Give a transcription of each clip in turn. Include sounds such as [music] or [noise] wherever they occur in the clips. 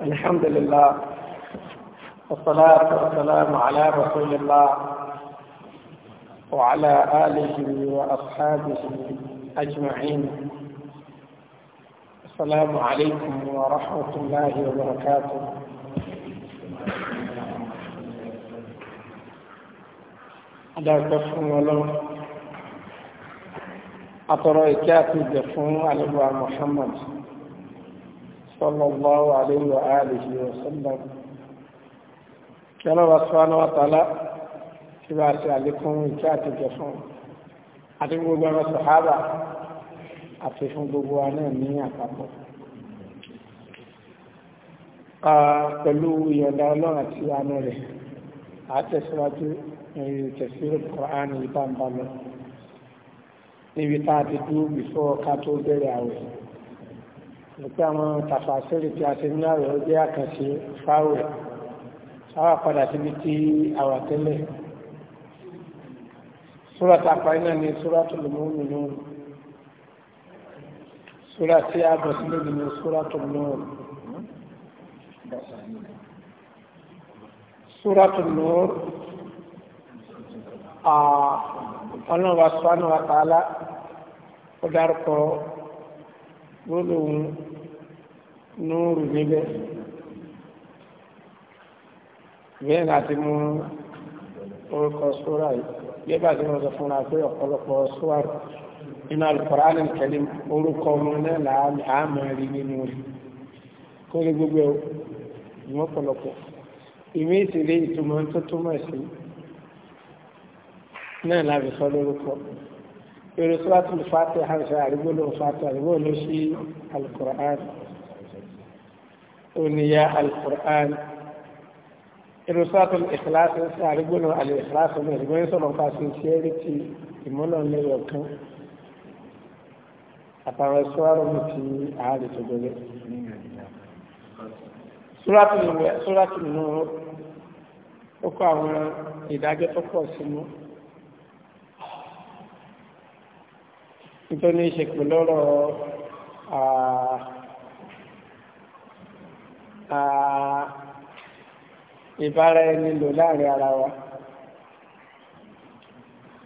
الحمد لله والصلاة والسلام على رسول الله وعلى آله وأصحابه أجمعين السلام عليكم ورحمة الله وبركاته أدعوك كفر ولو إكاتب فون على محمد صلى الله عليه وآله وسلم kẹlọ́wà sọ́nà wàtàlá tí bá ṣe àlékún ìkẹ́ àtẹ̀jẹ̀ fún àti gbogbo ọmọ sàhábà àti fún gbogbo wa náà ní àpapọ̀ pẹ̀lú ìyọ̀dá ọlọ́run àti àánú rẹ̀ àtẹ̀síwájú ìtẹ̀síwájú Kùránì ìbámbá lọ níbi tá a ti dúró bìfọ́ ká tó bẹ̀rẹ̀ àwẹ̀ nípa àwọn tàfàṣẹ́lì tí a ti ní àrẹ̀ ó jẹ́ àkànṣe fáwẹ̀ sáwà padà síbi tí àwà tẹ́lẹ̀ súra tàpá iná ni súra tó lè mú mi nù súra tí a bọ̀ sílẹ̀ ni súra tó lè mú súra tó lè mú ọlọ́wà sọ́nà wa ó dárúkọ gbólóhùn núùrù níbẹ̀ bẹ́ẹ̀ láti mú orúkọ sóra yìí bí bá ti wọ́n sọ fúnra pé ọ̀pọ̀lọpọ̀ sóra nínú Al-Qur'an Karim orúkọ ọmọ náà láàmà rí nínú rẹ̀ kó lè gbogbo ẹ̀ ìwọ́n pọ̀lọpọ̀ ìmí ìtìlẹ̀ ìtumọ̀ tó túmọ̀ sí náà láti sọ lórúkọ èrò sọ́wọ́tì fàtẹ̀ àrùsọ àrígbó ló fàtẹ̀ àrígbó ló sí Al-Qur'an oníyà alukur'an irusaatul ikhlas ṣe àrígbónà alìkìláṣí náà ìgbóni sọ̀rọ̀ nípa sincerity ìmúlọ̀lẹ́yọ̀ kan àtàwọn sọ́ọ̀rọ̀ mi ti àárẹ̀ tó gbélé. sóràtì nínú ó kọ́ àwọn ìdájọ́ tó pọ̀ sínú. nítorí ṣe pẹ̀lú ọ̀rọ̀ ìbára ẹni lò láàrin ara wa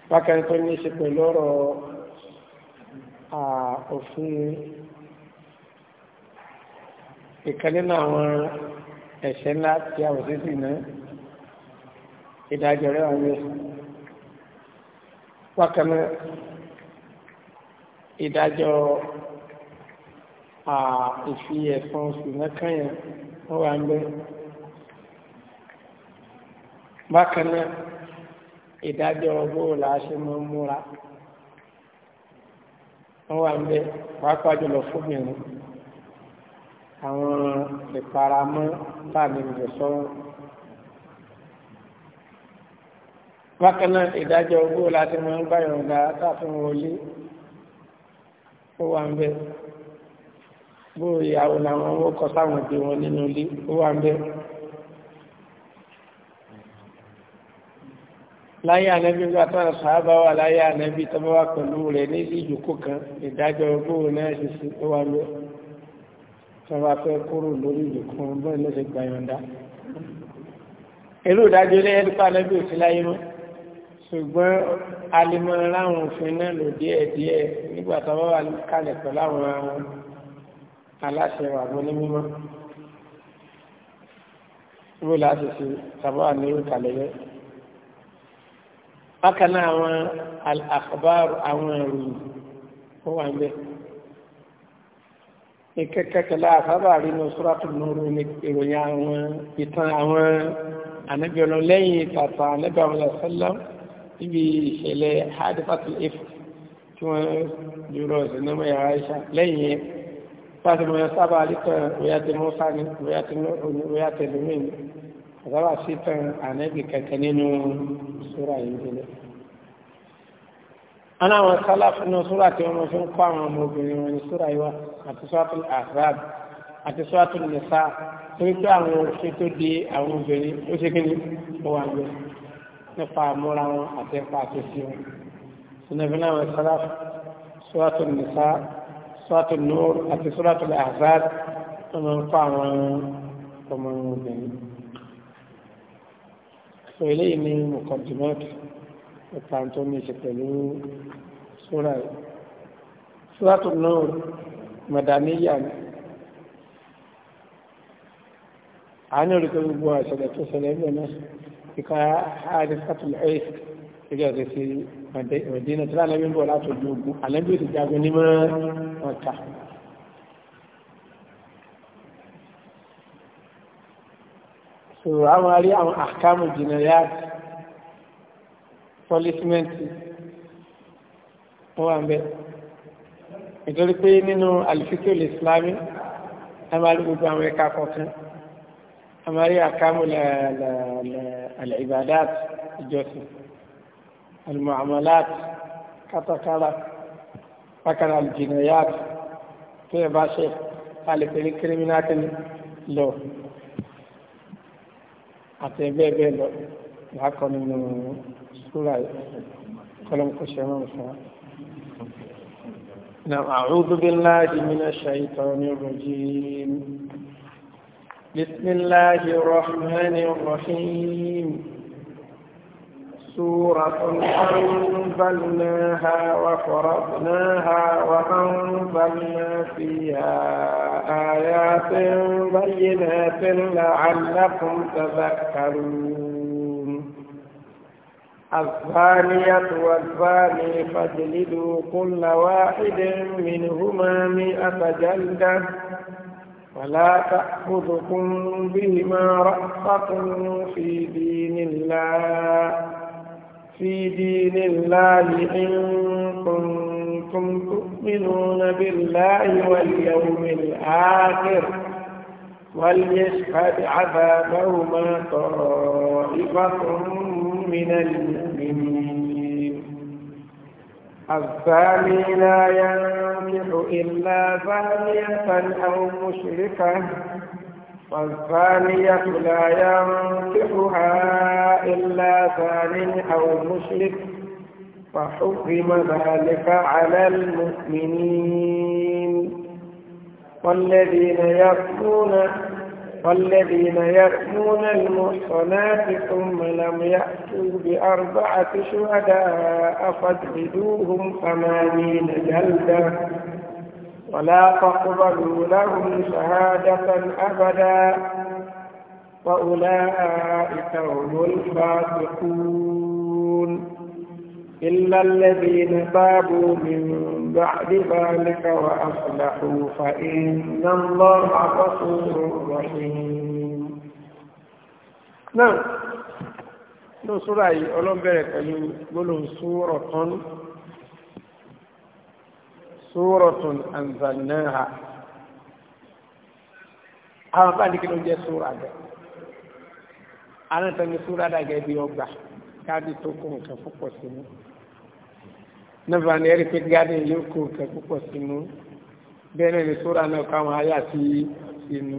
bákan tó ní í ṣe pẹ̀lú ọ̀rọ̀ òfin ìkan nínú àwọn ẹ̀ṣẹ̀ ńlá tí a ò sí sí náà ìdájọ́ rẹ̀ wà ní bákan náà ìdájọ́ ìfi ẹ̀sùn oṣù mẹ́kànyàn wọ́n wà ń bẹ́ẹ̀ bákan náà ìdájọ́ ọgbọ́n là á ṣe máa ń múra wọ́n wà ń bẹ pàápàá jùlọ fóbìnrin àwọn ìparamọ́ tàbí ìrẹsọ́rọ́ bákan náà ìdájọ́ ọgbọ́n là á ṣe máa ń bá wọlé ó wà ń bẹ bóyá ìyàwó làwọn ọkọ sáwọn ìdí nínú ilé ó wà ń bẹ. láyé ànábì nígbà tó àwọn sàábà wà láyé ànábì tó bá wà pẹ̀lú rẹ̀ ní ìjòkó kan ìdájọ́ gbóò náà ṣe sí tó wà lọ tó bá fẹ́ kúrò lórí ìjòkó bọ́ọ̀ ló ṣe gbà yọ̀ǹda. èrò ìdájọ́ ilé ẹ̀dùkú ànábì òsì láyé mọ́ ṣùgbọ́n alimọ̀ láwọn òfin náà lò díẹ̀ díẹ̀ nígbà tó bá wà kalẹ̀ pẹ̀lú àwọn aláṣẹ àbọ̀ ní mímọ́. wọ́n láti ṣe tàbá bákan náà àwọn àkàbárò àwọn ìròyìn ó wà ń bẹ ìkẹkẹkẹlẹ àkàbárò inú sọ́ràtù nùrù ní ìròyìn àwọn ìtàn àwọn anábìọ̀nà lẹ́yìn tàtà anábìọ̀nà sọ́lá níbi ìṣẹ̀lẹ̀ hadifatul if tí wọ́n jùlọ ìsinmi yàrá iṣà lẹ́yìn pàṣẹ mọ̀ sábà àlítọ̀ òyàtẹ̀ mọ́sá ní òyàtẹ̀ ọ̀gọ́rọ̀ àṣìtàn ànẹ́bì kẹ̀kẹ́ nínú sóra yìí délẹ̀ ana àwọn sálàfù náà sóra tí wọ́n fi ń kọ́ àwọn ọmọ obìnrin wọn ní sóra yìí wá àti sọ́tún àzáàb àti sọ́tún nìsá torí pé àwọn òfin tó di àwọn obìnrin ó ṣe kíni ó wà lọ nípa sọ eléyìí ní mọ̀kàndínlọ́tì ẹ̀ka tó ní ṣe pẹ̀lú sóra ẹ̀ sóra tó náà mọ̀dàníyà ni àánú rí pé gbogbo àṣẹlẹ̀ tó ṣẹlẹ̀ ń bẹ̀ náà ìka àdìsátù ẹ̀ẹ́sì gẹ́gẹ́ bí sí mọ̀dínà tí lánàá bí ń bọ̀ látọ̀jú ogun àlẹ́bí ti jagun ní mọ́ ọ̀ta so àwọn arí àwọn àkámù jìnnàyàt pọlísímẹ́ǹtì wọ́n wà ń bẹ́ nítorí pé nínú àlùfíkì olè islámi a máa rí gbogbo àwọn ẹ̀ka kọ̀ọ̀kan a máa rí àkámù al-ibadat ìjọsìn al kátàkárà bákan al-jìnnàyàt tó yẹ bá ṣe a lè pè ní kírímínátì lọ àti ẹgbẹ́ ẹgbẹ́ lọ lákọ nínú súra kọlọ́mùkọ́ ṣe rán fún wa. نعم أعوذ بالله من الشيطان الرجيم بسم الله الرحمن الرحيم سورة أنزلناها وفرضناها وأنزلنا فيها آيات بينات لعلكم تذكرون الزانية والزاني فاجلدوا كل واحد منهما مئة جلدة ولا تأخذكم بهما رأفة في دين الله في دين الله إن كنتم تؤمنون بالله واليوم الآخر وليشهد عذابهما طائفة من المؤمنين الزاني لا ينكح إلا زانية أو مشركة والثانية لا ينكحها إلا ثاني أو مشرك فحكم ذلك على المؤمنين والذين يرمون والذين يرمون المحصنات ثم لم يأتوا بأربعة شهداء فاجلدوهم ثمانين جلدة ولا تقبلوا لهم شهادة أبدا وأولئك هم الفاسقون إلا الذين تابوا من بعد ذلك وأصلحوا فإن الله غفور رحيم نعم نصر أي أولم بارك أيوه سورة súrọ̀tún anzalnaha àwọn bá dìkì ló jẹ́ súra gẹ̀ àwọn tẹ̀lé súra dàgẹ̀ bí ọgbà káàdì tó kó nǹkan púpọ̀ sínú nígbà ní ẹ̀rí pé gáàdì yóò kó nǹkan púpọ̀ sínú bẹ́ẹ̀ náà ni súra náà káwọn ayé àti sínú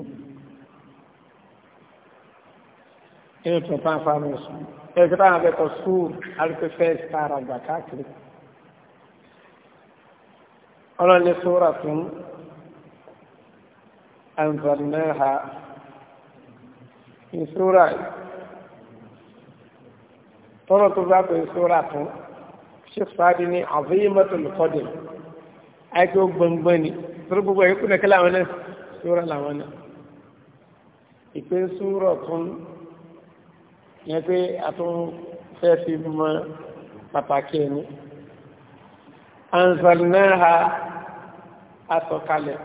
inú tó bá ń fa ní oṣù ẹ̀rí pé táwọn abẹ́kọ̀ súr alùpẹ́fẹ́ sára gbà káàkiri ọlọ́ni sóra tún anzalnaha ìsóra tọ́nà tó bá pè sóra tún ṣe fàájì ní azimatul qadr àìkú gbọ̀ngbọ̀n ni tó gbogbo ẹ̀yìn kúnlẹ̀ kí láwọn náà sóra làwọn náà ìpè sóra tún yẹn pé àtúnfẹ́ fi mọ pàtàkì ẹni anzalnaha asọ̀kalẹ̀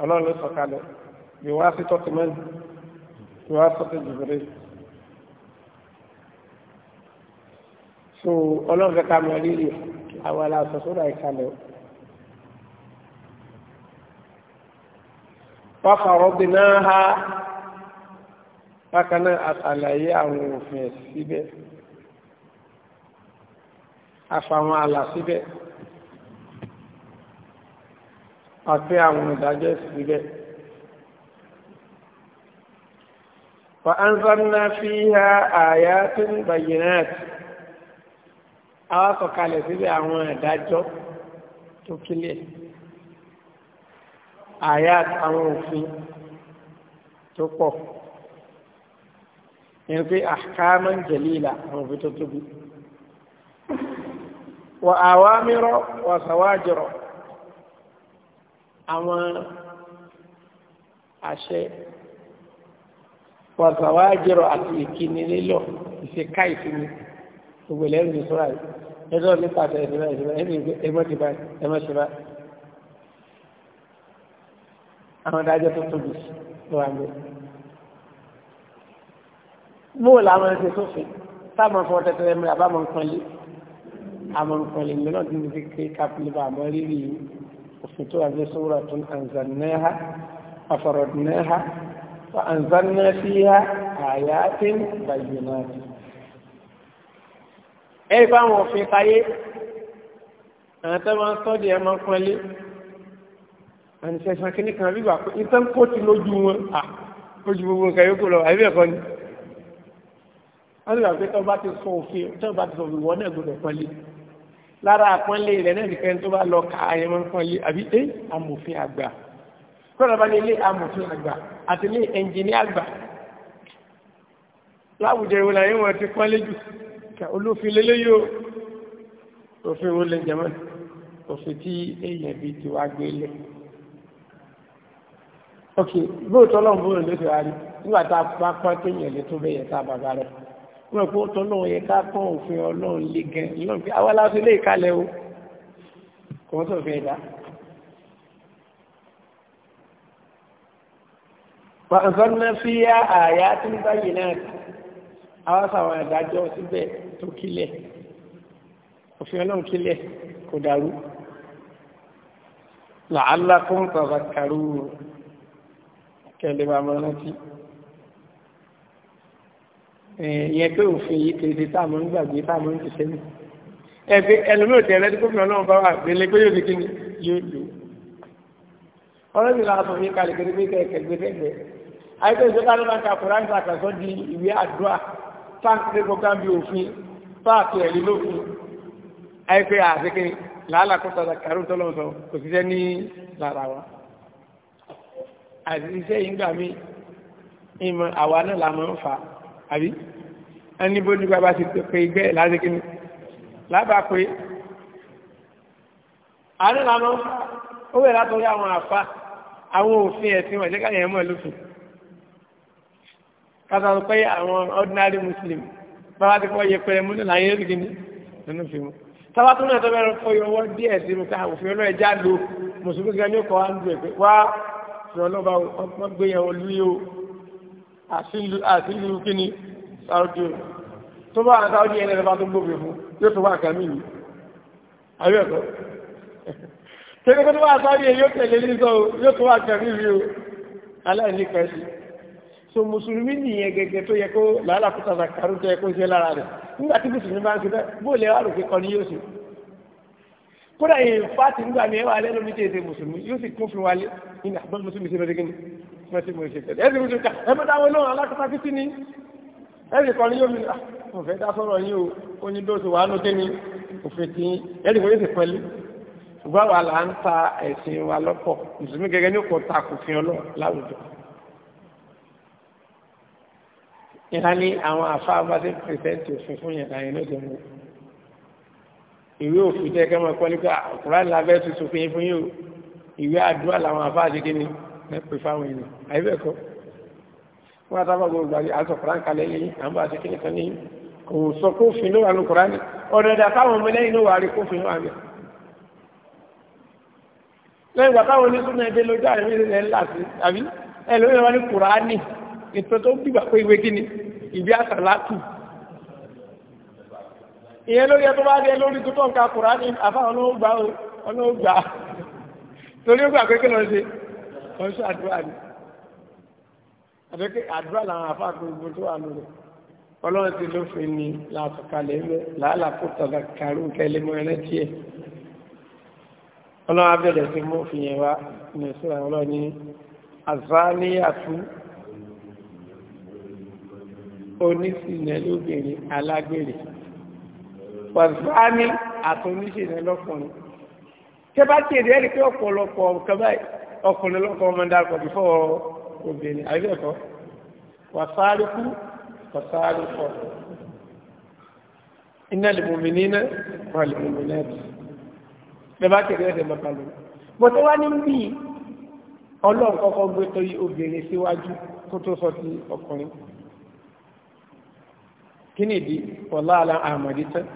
ọlọ́run ló sọ̀kalẹ̀ bí wá sí tọ́tù mẹ́rin bí wá sọ́tù jìbìrì so ọlọ́run fẹ́ ká mọ rírì àwọn aláṣọ sódà o. fàfàrọ́bìnáà bákan náà àtàlàyé àwọn òfin ẹ̀sìn síbẹ̀ àfàwọn àlà síbẹ̀ àti àwọn ìdájọ́ síbẹ̀. wa anzalna fiha ayatin bayyinat àwọn sọ̀kalẹ̀ síbẹ̀ àwọn ìdájọ́ tó kílẹ̀ ayat àwọn òfin tó pọ̀ yẹn pé ahkaman jalila àwọn òfin tó tóbi wà àwámírọ̀ wà sàwájọrọ̀ àwọn àṣẹ wà sàwájọrọ̀ àti ìkíni lílọ ìṣeká ìsinmi gbogbo ẹlẹ́rìí ní sọ́ra yìí ẹjọ́ nípa àṣẹ ìṣẹ́ra ìṣẹ́ra ẹmọ́ ti báyìí ẹmọ́ ti báyìí àwọn adájọ́ tó tóbi ló wà ní. bóòlù àwọn ẹ̀sìn sófin táwọn fọ́ tẹ́tẹ́rẹ́ mìíràn bá nǹkan yìí amọ̀rùkọ̀ lè mìíràn tí mo fi ké kápẹ́lẹ́bà àmọ́ rírì òfin tó wà ní sọ́wọ́rọ̀ tó ń àǹzànnáhà àfọ̀rọ̀dúnnáhà wà àǹzànná fíhà àyàtìn bàyìnàtì. ẹ bá wọn òfin táyé àwọn tó máa ń sọ́ọ̀dì ẹ̀ máa ń pọ́nlé àti sẹ́sàn kínní kan bí wà pé ìtàn kó ti lójú wọn à lójú gbogbo nǹkan yókù lọ àbí ẹ̀kọ́ ni wọ́n ti wà pé tó bá ti sọ òfin tó bá ti sọ òfin wọ́n náà gbọdọ̀ pọ́nlé lára àpọ́nlé rẹ̀ náà nìkan tó bá lọ ka ayẹmọ nǹkan lé àbí ẹ amòfin àgbà kọ́nà bá lè lé amòfin àgbà àti lé ẹnjìní àgbà láwùjọ ìwé làyé wọn ti pọ́nlé jù kà olófin lélẹ́yìí o òfin wo lè jẹmọ́ òfin tí èèyàn bíi ti wá gbé lẹ̀ ok bóòtọ́ lọ́nbó ló ti wá rí nígbà tá a bá pọ́n tó yẹn tó bẹ́yẹ tá a bàbá rẹ̀ wọ́n pé ó tọ́lọ́run yẹ ká kọ́ òfin ọlọ́run lé gan lọ́n fi àwọn aláṣẹ lè kalẹ̀ o kò wọ́n sọ̀fin ẹ̀dá. pàṣẹ fi yá àyà tí ń báyìí náà àwọn sàwọn ìdájọ́ síbẹ̀ tó kílẹ̀ òfin ọlọ́run kílẹ̀ kò dàrú làálàkùn tàbàkàrú kẹlẹ́ bàmọ́ rántí ìyẹn eh, pé òfin yìí kèéde táàmù ń gbàgbé táàmù ń tìṣẹ́ mi ẹgbẹ́ ẹlòmíràn tẹ̀ ẹlẹ́dí gómìnà náà bá wà gbélé pé yóò di kí ni yóò lò ọlọ́run ìlànà sọ̀rọ̀ yìí kalẹ̀ kẹ́lẹ́ pé kẹ̀kẹ́ gbẹ́gbẹ́ àyíkọ́ ìṣẹ́ká ló máa ń ka koran ṣàkàṣọ́ di ìwé àdúrà táǹkì gbọ́gbà bí òfin fáàkì ẹ̀rí lófin àyíkọ́ àṣekẹ́ làálà kọ́ta kàrún tọ́lọ́ ìmọ̀ àwa náà la máa ń fà àbí ẹni bójú bàbá ti pé bẹ́ẹ̀ lásìkò ní lábàá pé àánú lànà ó wẹ̀ látọ̀rí àwọn àfa àwọn òfin ẹ̀sìn wọ̀n ṣẹ́ká yẹn mọ̀ lófin pé àwọn ordinary muslim bàbá ti fọ́ yẹpẹrẹ múlẹ̀ láyé lóṣìkì ní nínú fi mu sábà tó náà tó bẹ̀rẹ̀ fọ ìwọ́ díẹ̀ sí mi ká òfin ọlọ́ ẹja lo mùsùlùmí kan ní ọkọ̀ wa ń dùn ẹ̀ wá fi ọlọ́ba ọgbẹ́yẹ̀wò lúyẹ̀ àsìlú kíní Saudi tó bá àwọn Saudi ẹni ẹ̀rọ tó gbóbi fún yóò tó wà nǹkan mí yìí ayé ẹ̀kọ́ kéde kó tó bá Saudi ẹni yóò tẹ̀lé ní sọ yóò tó wà nǹkan mí yìí o aláìní kan sí so mùsùlùmí nìyẹn gẹ́gẹ́ tó yẹ kó làálà kó tàbí àkàrú tó yẹ kó ṣe lára rẹ̀ nígbà tí mùsùlùmí bá ń ṣe bẹ́ẹ̀ bó lè wà lókè kan ní yóò ṣe kódà yìí fáàtì nígbà mi ẹ wà lẹ́nu mi tètè mùsùlùmí yóò sì kún fún wa mo ti mo ṣe tẹ̀lé ẹ̀sìn mo ṣe ká ẹ mọ́ dáwọn olóhùn alákọ̀ọ́kọ́ títí ni ẹ̀sìn kan ní yóò mi ah, mo fẹ́ dá sọ̀rọ̀ yín o ó ní dóòtù wàá nókè ni òfin ti ẹ̀sìn mo yóò sì pẹ́lú ṣùgbọ́n àwa là ń ta ẹ̀sìn wa lọ́pọ̀ mùsùlùmí gẹ́gẹ́ ní òkun ta kò fi ọlọ́ láwùjọ. ìhà ni àwọn àfáà bá ti pèsèǹtì òfin fún yàrá yẹn lọ́jọ́ mọ́ ìwé òfin tẹ́ kẹ́ mọ́ pẹ́lú pé àkùrá ah, làbẹ́ tuntun fi fún yín o ìwé àdúrà làwọn àfáà ti ni pè fáwọn èèyàn àìbẹ̀kọ́ wọ́n àtàbà gbogbo àrí àtọ̀ kùrán kalẹ̀ yìí à ń bá àti kíni kan ní kò sọ kófin ló wà ní kùrán ní ọ̀dọ̀dà táwọn ọmọ lẹ́yìn ló wà rí kófin ló wà ní. lẹ́yìn ìgbà táwọn onísùnà ẹgbẹ́ lójú àrẹ́mí rẹ̀ ńlá sí àbí ẹ lóyún wọn ní kùrán ní ètò tó bìgbà pé ìwé kíni ìbí àtàlátù ìyẹn lórí ẹ tó bá rí ẹ lórí tó tọ̀ nǹkan kùrán ní àfáwọn ọlọ́gbà torí ó gbà pé kí wọ́n ṣe àdúrà ni àdúrà àdúrà làwọn afá gbogbo tó wà lórí ọlọ́run ti ló fi ni làtọ̀kalẹ̀ ẹ̀mẹ́ làálàkó tọ̀gà kàrú kẹlẹ́ mọ́ ẹrẹ́ tiẹ̀ ọlọ́run abẹ́rẹ́ sí mú fi yẹn wá ní ìṣúra ọlọ́run ní àzáníyàtú onísìnà lóbìnrin alágbèrè pọ̀záni àtúnṣìnà lọ́kùnrin tẹ́ bá tiẹ̀ rí ẹ̀rí pé ọ̀pọ̀lọpọ̀ nǹkan báyìí ọkùnrin lọ́kọ̀ ọmọ dárúkọ bífọ́ obìnrin àìbẹ̀kọ́ wàsáárùkú wàsáárùkọ iná lèmọ̀mìnì náà wà lèmọ̀mìnì náà bẹ́ẹ̀ bá kẹ̀kẹ́ ẹ̀sẹ̀ mọ́ta lò bọ́ tó wá ní bí ọlọ́run kọ́kọ́ gbé tó yí obìnrin síwájú kó tó sọ ti ọkùnrin kí nìdí wọ́lá àmọ̀dítẹ́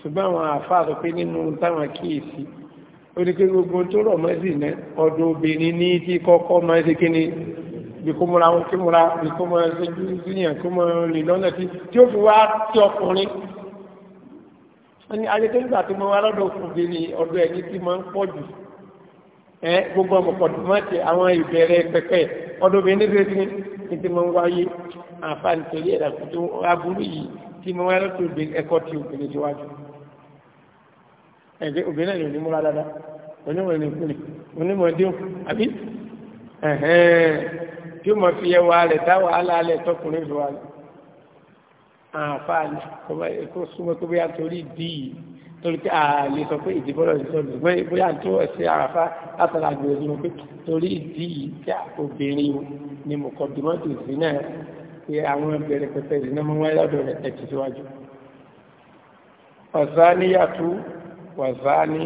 ṣùgbọ́n àwọn àfáà sọ pé nínú táwọn kíyèsí oníkẹ́ gbogbo tó rọ̀ mẹ́sì náà ọ̀dọ̀ obìnrin ní tí kọ́kọ́ máa ṣe kíni bí kó múra wọn kí múra bí kó máa ṣe júyàn kó máa rìn lọ́nà tí tí ó fi wá tí ọkùnrin ní ayẹyẹ nígbà tí mo wá lọ́dọ̀ obìnrin ọ̀dọ̀ ẹni tí máa ń pọ̀ jù ẹ gbogbo ọmọkọ̀dù máa ti àwọn ìbẹ̀rẹ̀ pẹ̀pẹ̀ ọ̀dọ̀ obìnrin níbi tí ní ti máa ń wáyé àǹfààní torí ẹ̀dà tó aburú yìí tí mo wá lọ́dọ̀ ẹ̀kọ́ ẹ̀jẹ̀ obìnrin ni òní múra dáadáa onímọ̀ ẹni kú ni onímọ̀ ẹdín àbí tí ó mọ̀ fi ẹwà rẹ̀ dá wàhálà alẹ́ tọkùnrin ìlú wa lọ. àǹfààní kó súnmọ́ pé bóyá torí bíi torí pé àlè sọ pé ìdìbò lọ sí sọ́dún ṣùgbọ́n bóyá tó ẹ̀sìn àràfá látara àgbèrè ni mo pé torí ìdí yìí tí obìnrin ni mo kọ dìmọ́tò sí náà pé àwọn ẹgbẹ̀rẹ̀ pẹpẹ ìdìnnà mọ́ wáyé lọ́dọ̀ rẹ̀ ẹ̀ tẹ̀síwájú. ọ̀sán níyàtú wàzáni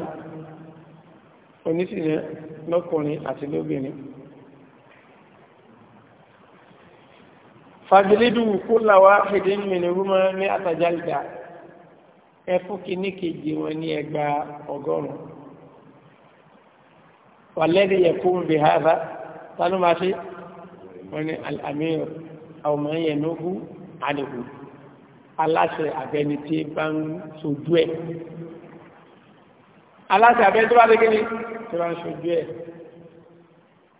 onísìnà lọ́kùnrin àti lóbìnrin fàjìlídù kulla wahidin minhuma ní àtàjálìdà ẹfún kìíní kejì wọn ní ẹgbà ọgọ́rùn walladhi yakum bi hadha tánú máa ṣe wọn ni al-amir aw man aláṣẹ àbẹni bá ń sojú ẹ̀ aláṣẹ abẹ́ tó bá dé kíni tó bá ń ṣojú ẹ̀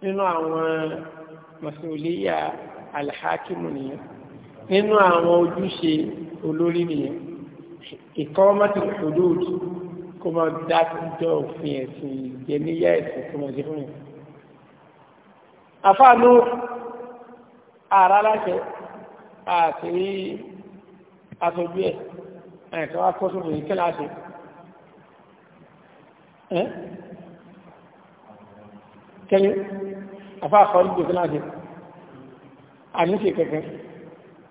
nínú àwọn masuliya alhakimu nìyẹn nínú àwọn ojúṣe olórí nìyẹn ìkọ́mọ́tì hudud kó máa dájọ́ òfin ẹ̀sìn ìjẹníyà ẹ̀sìn kó máa jẹ fún yẹn. àfáànú ara aláṣẹ àti aṣojú ẹ̀ ẹ̀ka wá kó sóbò yìí kí láṣẹ ẹ́ kẹ́ni afá àkọrí gbèsè láti àníṣe kẹ́kẹ́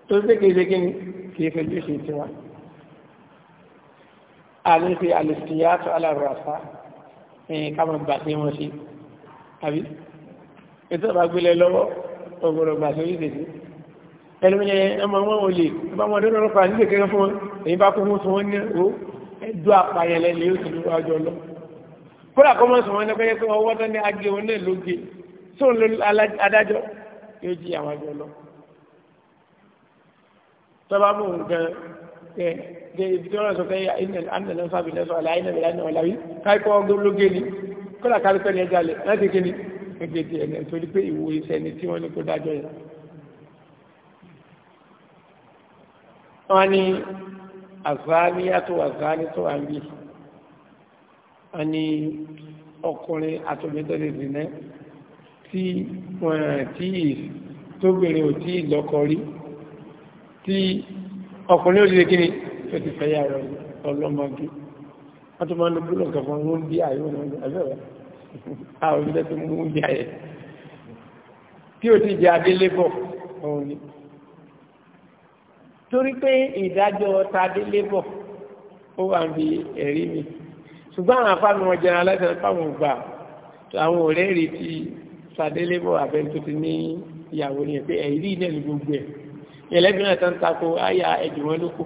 tó ṣe kéèṣe kí ni kìí fẹ́ bí ṣe tiwa àníṣe alìsíyàtọ̀ alárùràṣá ẹ̀yìn káàmù gbà sí wọn sí àbí ètò àbágbélẹ̀ lọ́wọ́ ọgbọ̀rọ̀ gbà sórí ìdèdè ẹlùmíyẹ ẹmọ wọn ò lè bá wọn dọ́rọ̀ pa ní kékeré fún wọn ni yóò kódà kọ́ mọ́sùn wọn lẹ́gbẹ́yẹ pé ọwọ́ tán ní agé wọn náà ló gé sóun ló adájọ́ yóò jí àwọn àjọ lọ. tọ́ba mú nǹkan kẹ kẹ ibi tí wọ́n sọ pé anilẹ̀ sábì lẹ́sọ̀ àlẹ́ àyìnlẹ̀ àyìnlẹ̀ àyìnlẹ̀ àyìnlẹ̀ káìkọ́ ọgbọ́n ló gé ni kódà kálípẹ́ ní ẹja lẹ̀ láti kí ni ẹgbẹ́ ti ẹ̀nẹ̀ torí pé ìwò ìṣẹ́ni tí wọ́n ní kó dájọ́ yẹn. wọ́n ní àzáníyàtò àzáníyàtò àmì a ní ọkùnrin àtòmítọ́lẹ̀ ìrìnà tí wọ́n tí tóbìnrin ò tí lọ́kọ rí tí ọkùnrin ò lè kíni tó ti fẹ́ yàrá ọlọ́mọdé wọ́n tó máa ń gbúlọ̀ kẹfọ́n ló ń bí àyè wọn àbẹ̀rẹ̀ àwọn ìbílẹ̀ tó mú bí àyè tí ò ti jẹ adélé bọ̀ ọ̀hún ni torí pé ìdájọ́ ta délé bọ̀ ó wà ń bi ẹ̀rí ṣùgbọ́n àwọn afáàmì wọn jẹun alẹ́sẹ̀ fáwọn ògbà àwọn ọ̀rẹ́ rí ti sàdélébọ̀ àfẹ́ntó ti ní ìyàwó ni pé ẹ̀rí ilẹ̀ ní gbogbo ẹ̀ ẹlẹ́bí náà tán tako àyà ẹ̀jẹ̀ wọn lóko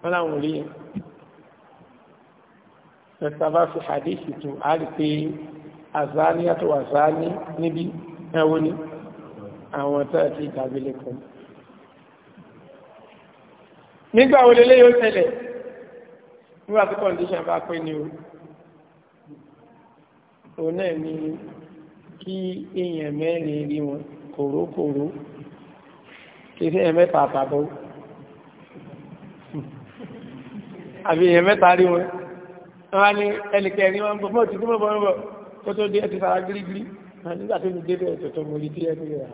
wọn làwọn ò rí yẹn ẹ̀ta bá fi hadithi tún a rí pé azani àtọ̀ azani níbi ẹ̀wọ́ ni àwọn tó ti dàbí lẹ́kọ̀ọ́ nígbà wo lélẹ́yìn ó tẹ̀lẹ̀ nígbà tí condition bá pé ni o òun náà ni kí èèyàn mẹ́rin rí wọn kòrókòró kì í sí èèyàn mẹ́ta àtàbọ̀ àbí èèyàn mẹ́ta rí wọn wọ́n á ní ẹnìkẹ́rin wọn bọ̀ mọ́ọ̀tì tí mo bọ̀ ń bọ̀ kó tó dé ẹ ti fara gírígírí nígbà tí mo dé bẹ́ẹ̀ tọ̀tọ̀ mo rí tí ẹ ti rà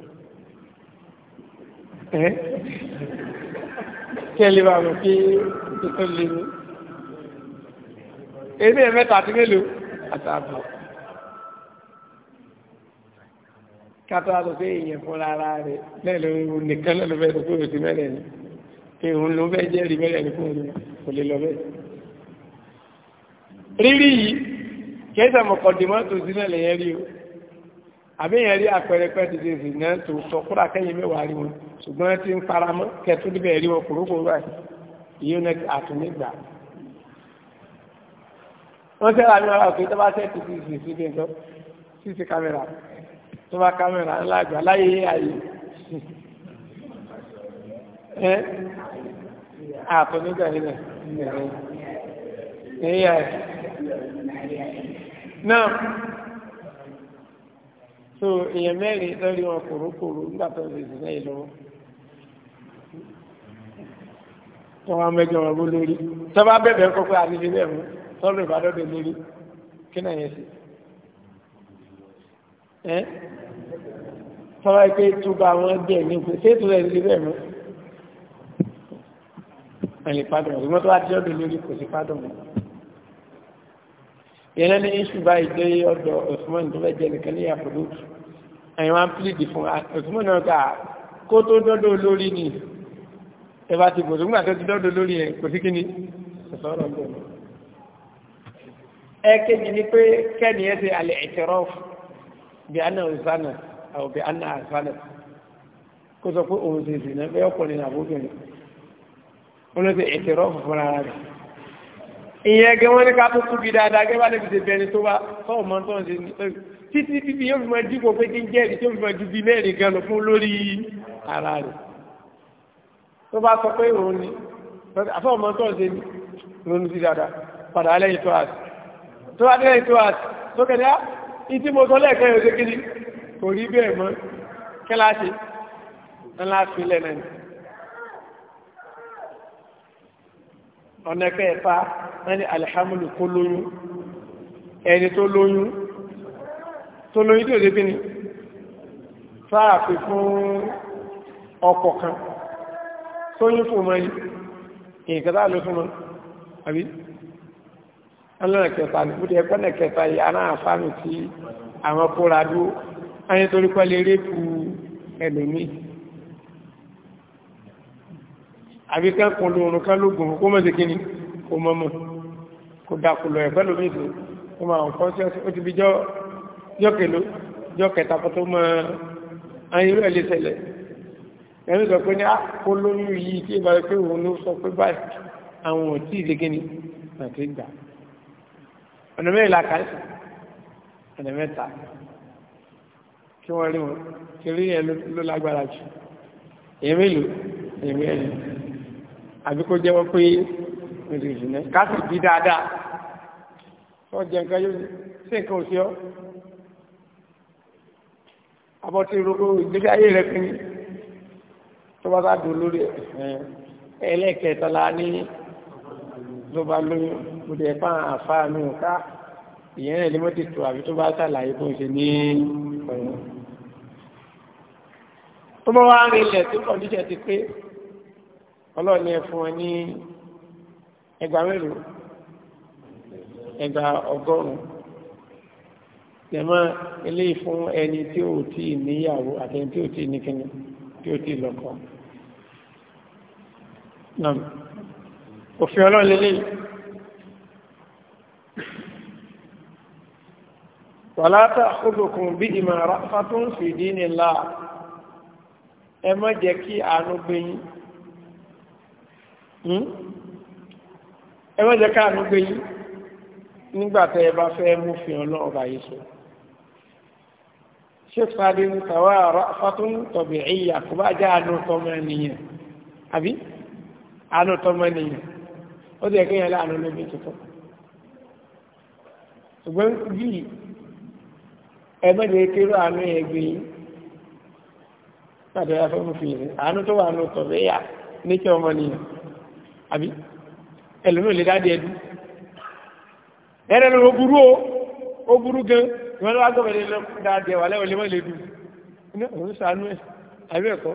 kẹ́lẹ́ bá mọ̀ pé tuntun lè ní èmi ẹ̀ mẹ́ta àti mélòó àtàbọ̀ kátó àtò sí èèyàn fún ara rẹ̀ lẹ́lọ ìhun nìkan lọ́lọ́ bẹ́ẹ̀ tó kó o sí mẹ́rẹ̀ ni ìhun ló bẹ́ẹ̀ jẹ́ rí mẹ́rẹ̀ ni fún òun kò lè lọ bẹ́ẹ̀. rírí yìí kìí sàmọ̀ kọ̀dìmọ́tò sí náà lèyẹn rí o àbí yẹn rí àpẹẹrẹ pẹ́ ti dèsì náà tó sọ kúrò akẹ́yìn mẹ́wàá rí wọn ṣùgbọ́n ti ń faramọ́ kẹtù níbẹ̀ rí wọn kòrókòrò àìyí wọ́n sẹ́ra mi ara òkè tó bá sẹ́ẹ̀tì sí sí sí kí n tó sí sí kámẹ́rà tó bá kámẹ́rà ńlá àgbà láyé ayé ẹ́ àtúnígbà yìí nà ẹ̀yà ẹ̀ náà so èèyàn mẹ́rin lórí wọn kòrókòrò nígbà tó ń lè sìn lẹ́yìn lọ́wọ́ tó wá mẹ́jọ wọn bó lórí tó bá bẹ̀bẹ̀ kọ́kọ́ àti ṣe mú tọ́lọ̀ ìbádọ́dọ̀ lérí kí náà yẹn sí ẹ́ tọ́wọ́ pé túbà wọn dẹ̀ ní pé ṣé tó rẹ̀ sí bẹ́ẹ̀ mú ẹ̀lì pádùn ìgbọ́n tó wá jẹ́ ọdún lórí kò sí pádùn mọ́ yẹn lẹ́ni iṣu báyìí dé ọ̀dọ̀ Osman tó fẹ́ jẹ́ nìkan ní àpòlù ẹ̀yìn wọn pílìdì fún Osman náà kà kó tó dọ́dọ̀ lórí ni ẹ bá ti bò tó gbà tó ti dọ́dọ̀ lórí ẹ̀ kò sí kí ni ọ̀sán ọ̀rọ̀ ọ̀gbọ̀n ẹ̀kejì ni pé kẹ́ni ẹ̀ ṣe àlẹ́ ìtẹ̀rọ̀f bí anna ọ̀sánà àwọn bí anna ọ̀sánà kó sọ pé òun ṣe ìsìn náà bẹ́ẹ̀ ọkùnrin náà bóbìnrin ó ló ṣe ìtẹ̀rọ̀f fún ara rẹ̀ ìyẹn gẹ́ wọ́n ní ká tó tóbi dáadáa gẹ́gẹ́ bá lè fi ṣe bẹni tó bá tọ́wọ́ mọ́ tó ń ṣe ní títí títí yóò fi máa dìbò pé kí n jẹ́rìí tó fi máa ju mẹ́rin gan lọ fún lórí ara rẹ̀ tó bá sọ pé òun ni àfọwọ́ tó ń ṣe ní lónìí sí dáadáa padà lẹ́yìn tó àṣì tó wá dé ètò àti tó kẹ́dá ìtí mo sọ lẹ́ẹ̀kan yóò ṣe kí ni kò rí bẹ́ẹ̀ mọ́ kíláàsì ńlá sílẹ̀ náà ni. ọ̀nà kẹfà wọ́n ni alhamdu kó lóyún ẹni tó lóyún tó lóyún tí ó dé ni sáàfi fún ọkọ̀ kan sóyún fún mọ́ ìkẹta ló fún mọ́ ọlọ́nà kẹta ní bó ti ẹ̀kọ́ náà kẹta yìí aráàlú fáàmì tí àwọn kóra dúró ayé torí pẹ́ lè rékù ẹlòmíì àbí ká kun lóorun kó mọ̀ sí kí ni kó mọ̀ mọ̀ kó dákú lọ ẹ̀fẹ́ lómi tó kó máa nǹkan sí ọ̀sẹ̀ ó ti fi jọ́ jọ́ kèló jọ́ kẹta kó tó mọ ah, àwọn ò tí ni àti gbà ọ̀nà mẹ́rin la kà sí ọ̀nà mẹ́ta kí wọ́n rí wọn kí rí yẹn ló lágbára jù èyí mélòó èyí mẹ́rin àbí kó jẹ́wọ́ pé mẹ́rin ìṣúná ká sì bí dáadáa tó jẹ nǹkan yóò sí nǹkan òsì ọ́ abọ́tí rogo ìgbésí ayé rẹ pinni tó bá sá dùn lórí ẹ̀ ẹlẹ́kẹ̀ẹ́ta la ní tó bá lóyún kò dẹ̀ fáwọn àfáànù ká ìyẹn rẹ̀ lẹ́mọ́tì tó àbí tó bá sàlàyé tó ń ṣe ní ọ̀yọ́. tó bá wá rin ilẹ̀ tó kọ̀ níṣẹ́ ti pé ọlọ́ọ̀ni ẹ̀ fún wọn ní ẹgbàá mélòó ẹgbàá ọgọ́rùn-ún tẹ̀mọ́ eléyìí fún ẹni tí ò tí ì níyàwó àtẹni tí ò tí ní kíni tí ò tí ì lọ́kọ òfin ọlọ́run lélẹ̀ wàlátà ọdọkùn bí ìmọ̀ràn fatún fìdí nìlá ẹ má jẹ́ kí àánú gbẹ̀yìn hmm? ẹ má jẹ́ kí àánú gbẹ̀yìn nígbàtẹ́ ẹ bá fẹ́ mú fi ọlọ́run ọba yìí sọ sheikh sadi ń tàwa fatún kò bá jẹ́ àánú tọmọ ènìyàn àbí àánú tọmọ ènìyàn ó ti yẹ kéèyàn láàánú lóbi tuntun ṣùgbọ́n yìí ẹgbẹ́dẹ̀ kéré àánú ẹgbẹ́ yìí pàtàkì afẹ́ fòfin yìí àánú tó wà nù tọ̀bẹ́ yà ní kí ọmọ nìyàn àbí ẹlòmí ò lè dá díẹ̀ dú ẹ̀rẹ́ ló burú o ó burú gan ìwọ́n lọ́wọ́ gbọ́dọ̀ lè dá díẹ̀ wà lẹ́wọ̀n lè mọ́ lè dú ní òun ṣàánú ẹ̀ àbí ẹ̀kọ́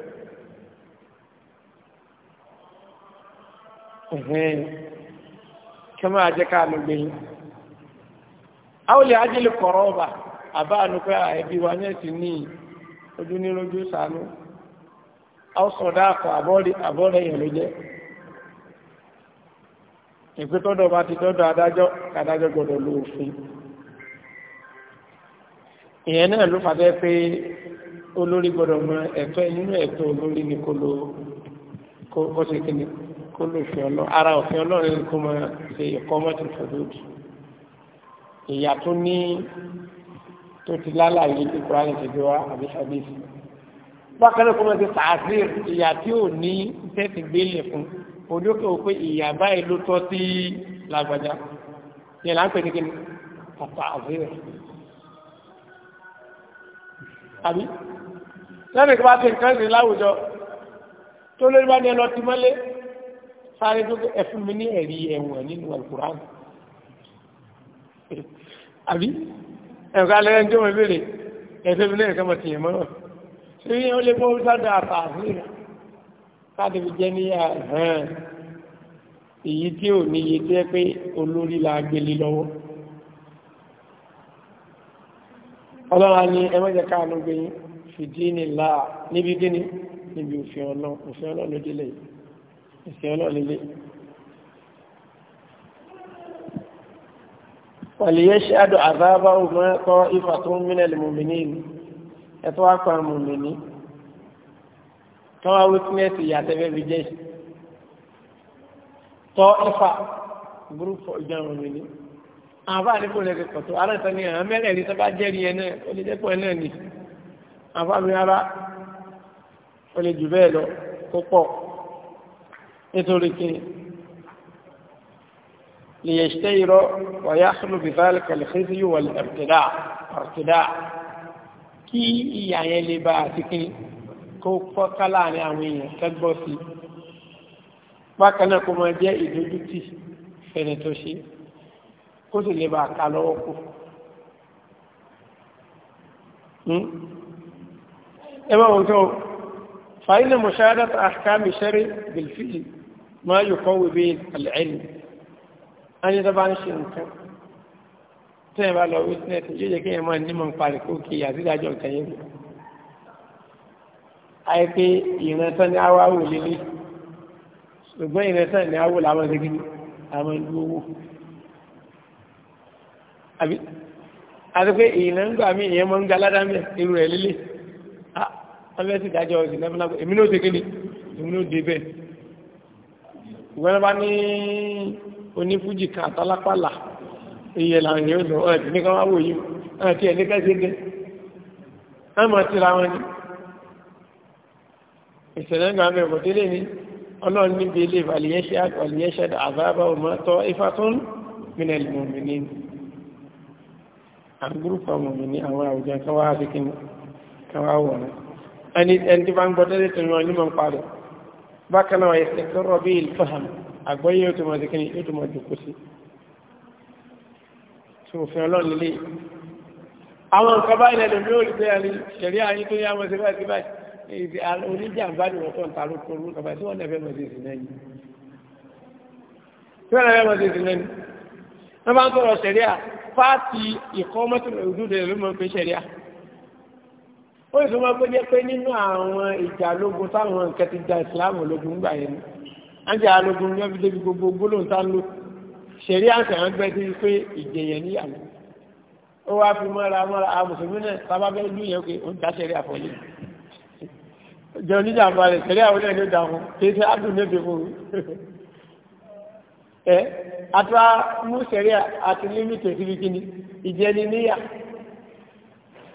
kí wọ́n máa jẹ́ ká ló gbé yín. àwòlẹ̀ ajílẹ̀ kọ̀rọ̀ ọba àbá ànúpẹ́ ẹbí wa ní ẹ̀sìn ní ojú ní lójú sànú. àwọn sọ̀dá àkọ àbọ̀rẹ̀ yẹn ló jẹ́. ìpè tọ́dọ̀ bá ti tọ́dọ̀ adájọ́ adájọ́ gbọ́dọ̀ lo òfin. ìyẹn ni kó lo kó ṣe kó lè fi ọlọ ara òfin ọlọ́run kó máa ṣe ìkọmọtì fòdòdì ìyá tó ní tó ti lálàyé tí kúránì ti gbé wá àbí ṣàbíyèsí bákan náà kó máa ṣe tààzír ìyá tí ò ní tẹ́tì gbélé fún òdókè ò pé ìyá báyìí ló tọ́ sí lágbájá yẹn là ń pè ní kí ni tààzír àbí lẹ́nu ìgbà tí nǹkan ṣe láwùjọ tó lórí bá ní ẹ lọ ti mọ́lé sáré tó ẹ fún mi ní ẹ̀rí ẹ̀wọ̀n nínú alukuran àbí ẹ̀ka lẹ́yìn tó wọ́n béèrè ẹ̀fẹ́ mi náà kama tìyẹ̀ mọ́ náà ṣé yẹn ó lè bọ́ sádà àtàkùn káàdì fi jẹ́ ní ẹ̀hán èyí tí ò ní iye tó yẹ pé olórí la gbélé lọ́wọ́ ọlọ́run ni ẹ má káàánú gbé yín fìdí nílá níbi gíní níbi òfin ọlọ́run òfin ọlọ́run ló délé yìí ìsìn ọlọ́ọ̀lẹ́lẹ́ wàlíyẹ́ ṣe àdó àzábá ọmọ ẹ̀kọ́ ifá tó ń mílẹ̀ lèmọ̀mìnì ẹ̀tọ́ àpá mọ̀mìnì tọ́wọ́ wíkínẹ́sì yàtẹ́fẹ́ fi jẹ́ tọ́ ifá gúrúfọ̀ ìjà mọ̀mìnì àbá àdínkù lẹ́sẹ̀ pọ̀tọ́ aláìsàn ni àwọn mẹ́rẹ̀ẹ́rin tó bá jẹ́rìí nítorí kí lè yẹ ṣe irọ́ wàyá ṣùlùbí fáìlì kàlìfẹ́sì yóò wà lẹ́rtìdá ọ̀rtìdá kí ìyà yẹn lè bá àti kí kó fọ́ká láàrin àwọn èèyàn kẹgbọ́ sí bákan kó máa jẹ́ ìdójútì fẹ́ni tó ṣe kó sì lè bá ká lọ́wọ́ kù hmm? ẹ máa wọ́n tó fàílì mùsáàdàtà àkàmì ṣẹ́rí bìlfìlì máa yóò kọ́ wípé àlẹ́ẹ̀lì a ní tó bá ń ṣe nǹkan tó yẹn bá lọ wítínẹ́tì yóò jẹ́ kí yẹn máa nímọ̀ ń parí kó kí àti ìdájọ́ nǹkan yẹn àyè pé ìrántán ní àwa wò lélẹ̀ ṣùgbọ́n ìrántán ní àwò làwọn ṣe kí àwọn ìlú owó àbí àti pé ìrántán àmì ìyẹn máa ń ga aládàá mẹ́ irú rẹ̀ lélẹ̀ ah wọ́n fẹ́ sì dájọ́ ìsìn náà fúnra èmi náà ṣe kí ni èmi náà dé bẹ́ẹ̀ ìgbọ́n bá ní onífújì kan àtàlápàlà iye làwọn èèyàn lọ ọ̀rẹ́ tí ní kan wá wò yìí ọ̀rẹ́ tí ẹni kẹ́sí dé ọmọ ti ra wọn ni ìṣẹ̀lẹ̀ náà mẹ́rin kò délé ni ọlọ́run níbi ilé ìfàlìyẹ́ṣẹ́ àgbàlìyẹ́ṣẹ́ àzábá ọmọ tọ́ ifá tó ń bákan náà ẹ̀sẹ̀ tó rọ̀bí ìfahàn àgbọ́yé yóò tó mọ̀ síkí yóò tó mọ̀ jùkú sí tí òfin ọlọ́run lè àwọn nǹkan báyìí lẹ́nu bí ó rí bẹ́ẹ̀ ni ṣẹ̀rí àyín tó yá mọ̀ sí báyìí báyìí oníjàmbá ni wọ́n tó ń ta lóko orú tí wọ́n lè fẹ́ sí ìsìn tí wọ́n lè fẹ́ sí ìsìn wọ́n bá ń sọ̀rọ̀ ṣẹ̀rí à fáàtì ìkọ́mọ́tò ìdúdó ìlú mọ̀ pé ṣẹ̀rí à ó sì máa gbọ́jẹ́ pé nínú àwọn ìjà lógun táwọn nǹkan ti da ìsìláàmù lógun gbà yẹn ni á jẹ́ alógun ní ọ́fíìsì débi gbogbo gbólóhùn tá ń lò ṣẹ̀rí àǹtẹ̀ wọn gbẹ́ sí pé ìjẹ̀yẹ̀ níyàwó ó wá fi mọ́ra mọ́ra àwọn mùsùlùmí náà sábà bẹ́ lú yẹn pé ó ń dá ṣẹ̀rí àfọ̀lẹ́ jẹ́ oníjàmbá rẹ̀ ṣẹ̀rí àwọn ẹni dà wọn kì í ṣe ádùn níbi fún ẹ àtúwá mú ṣẹ̀rí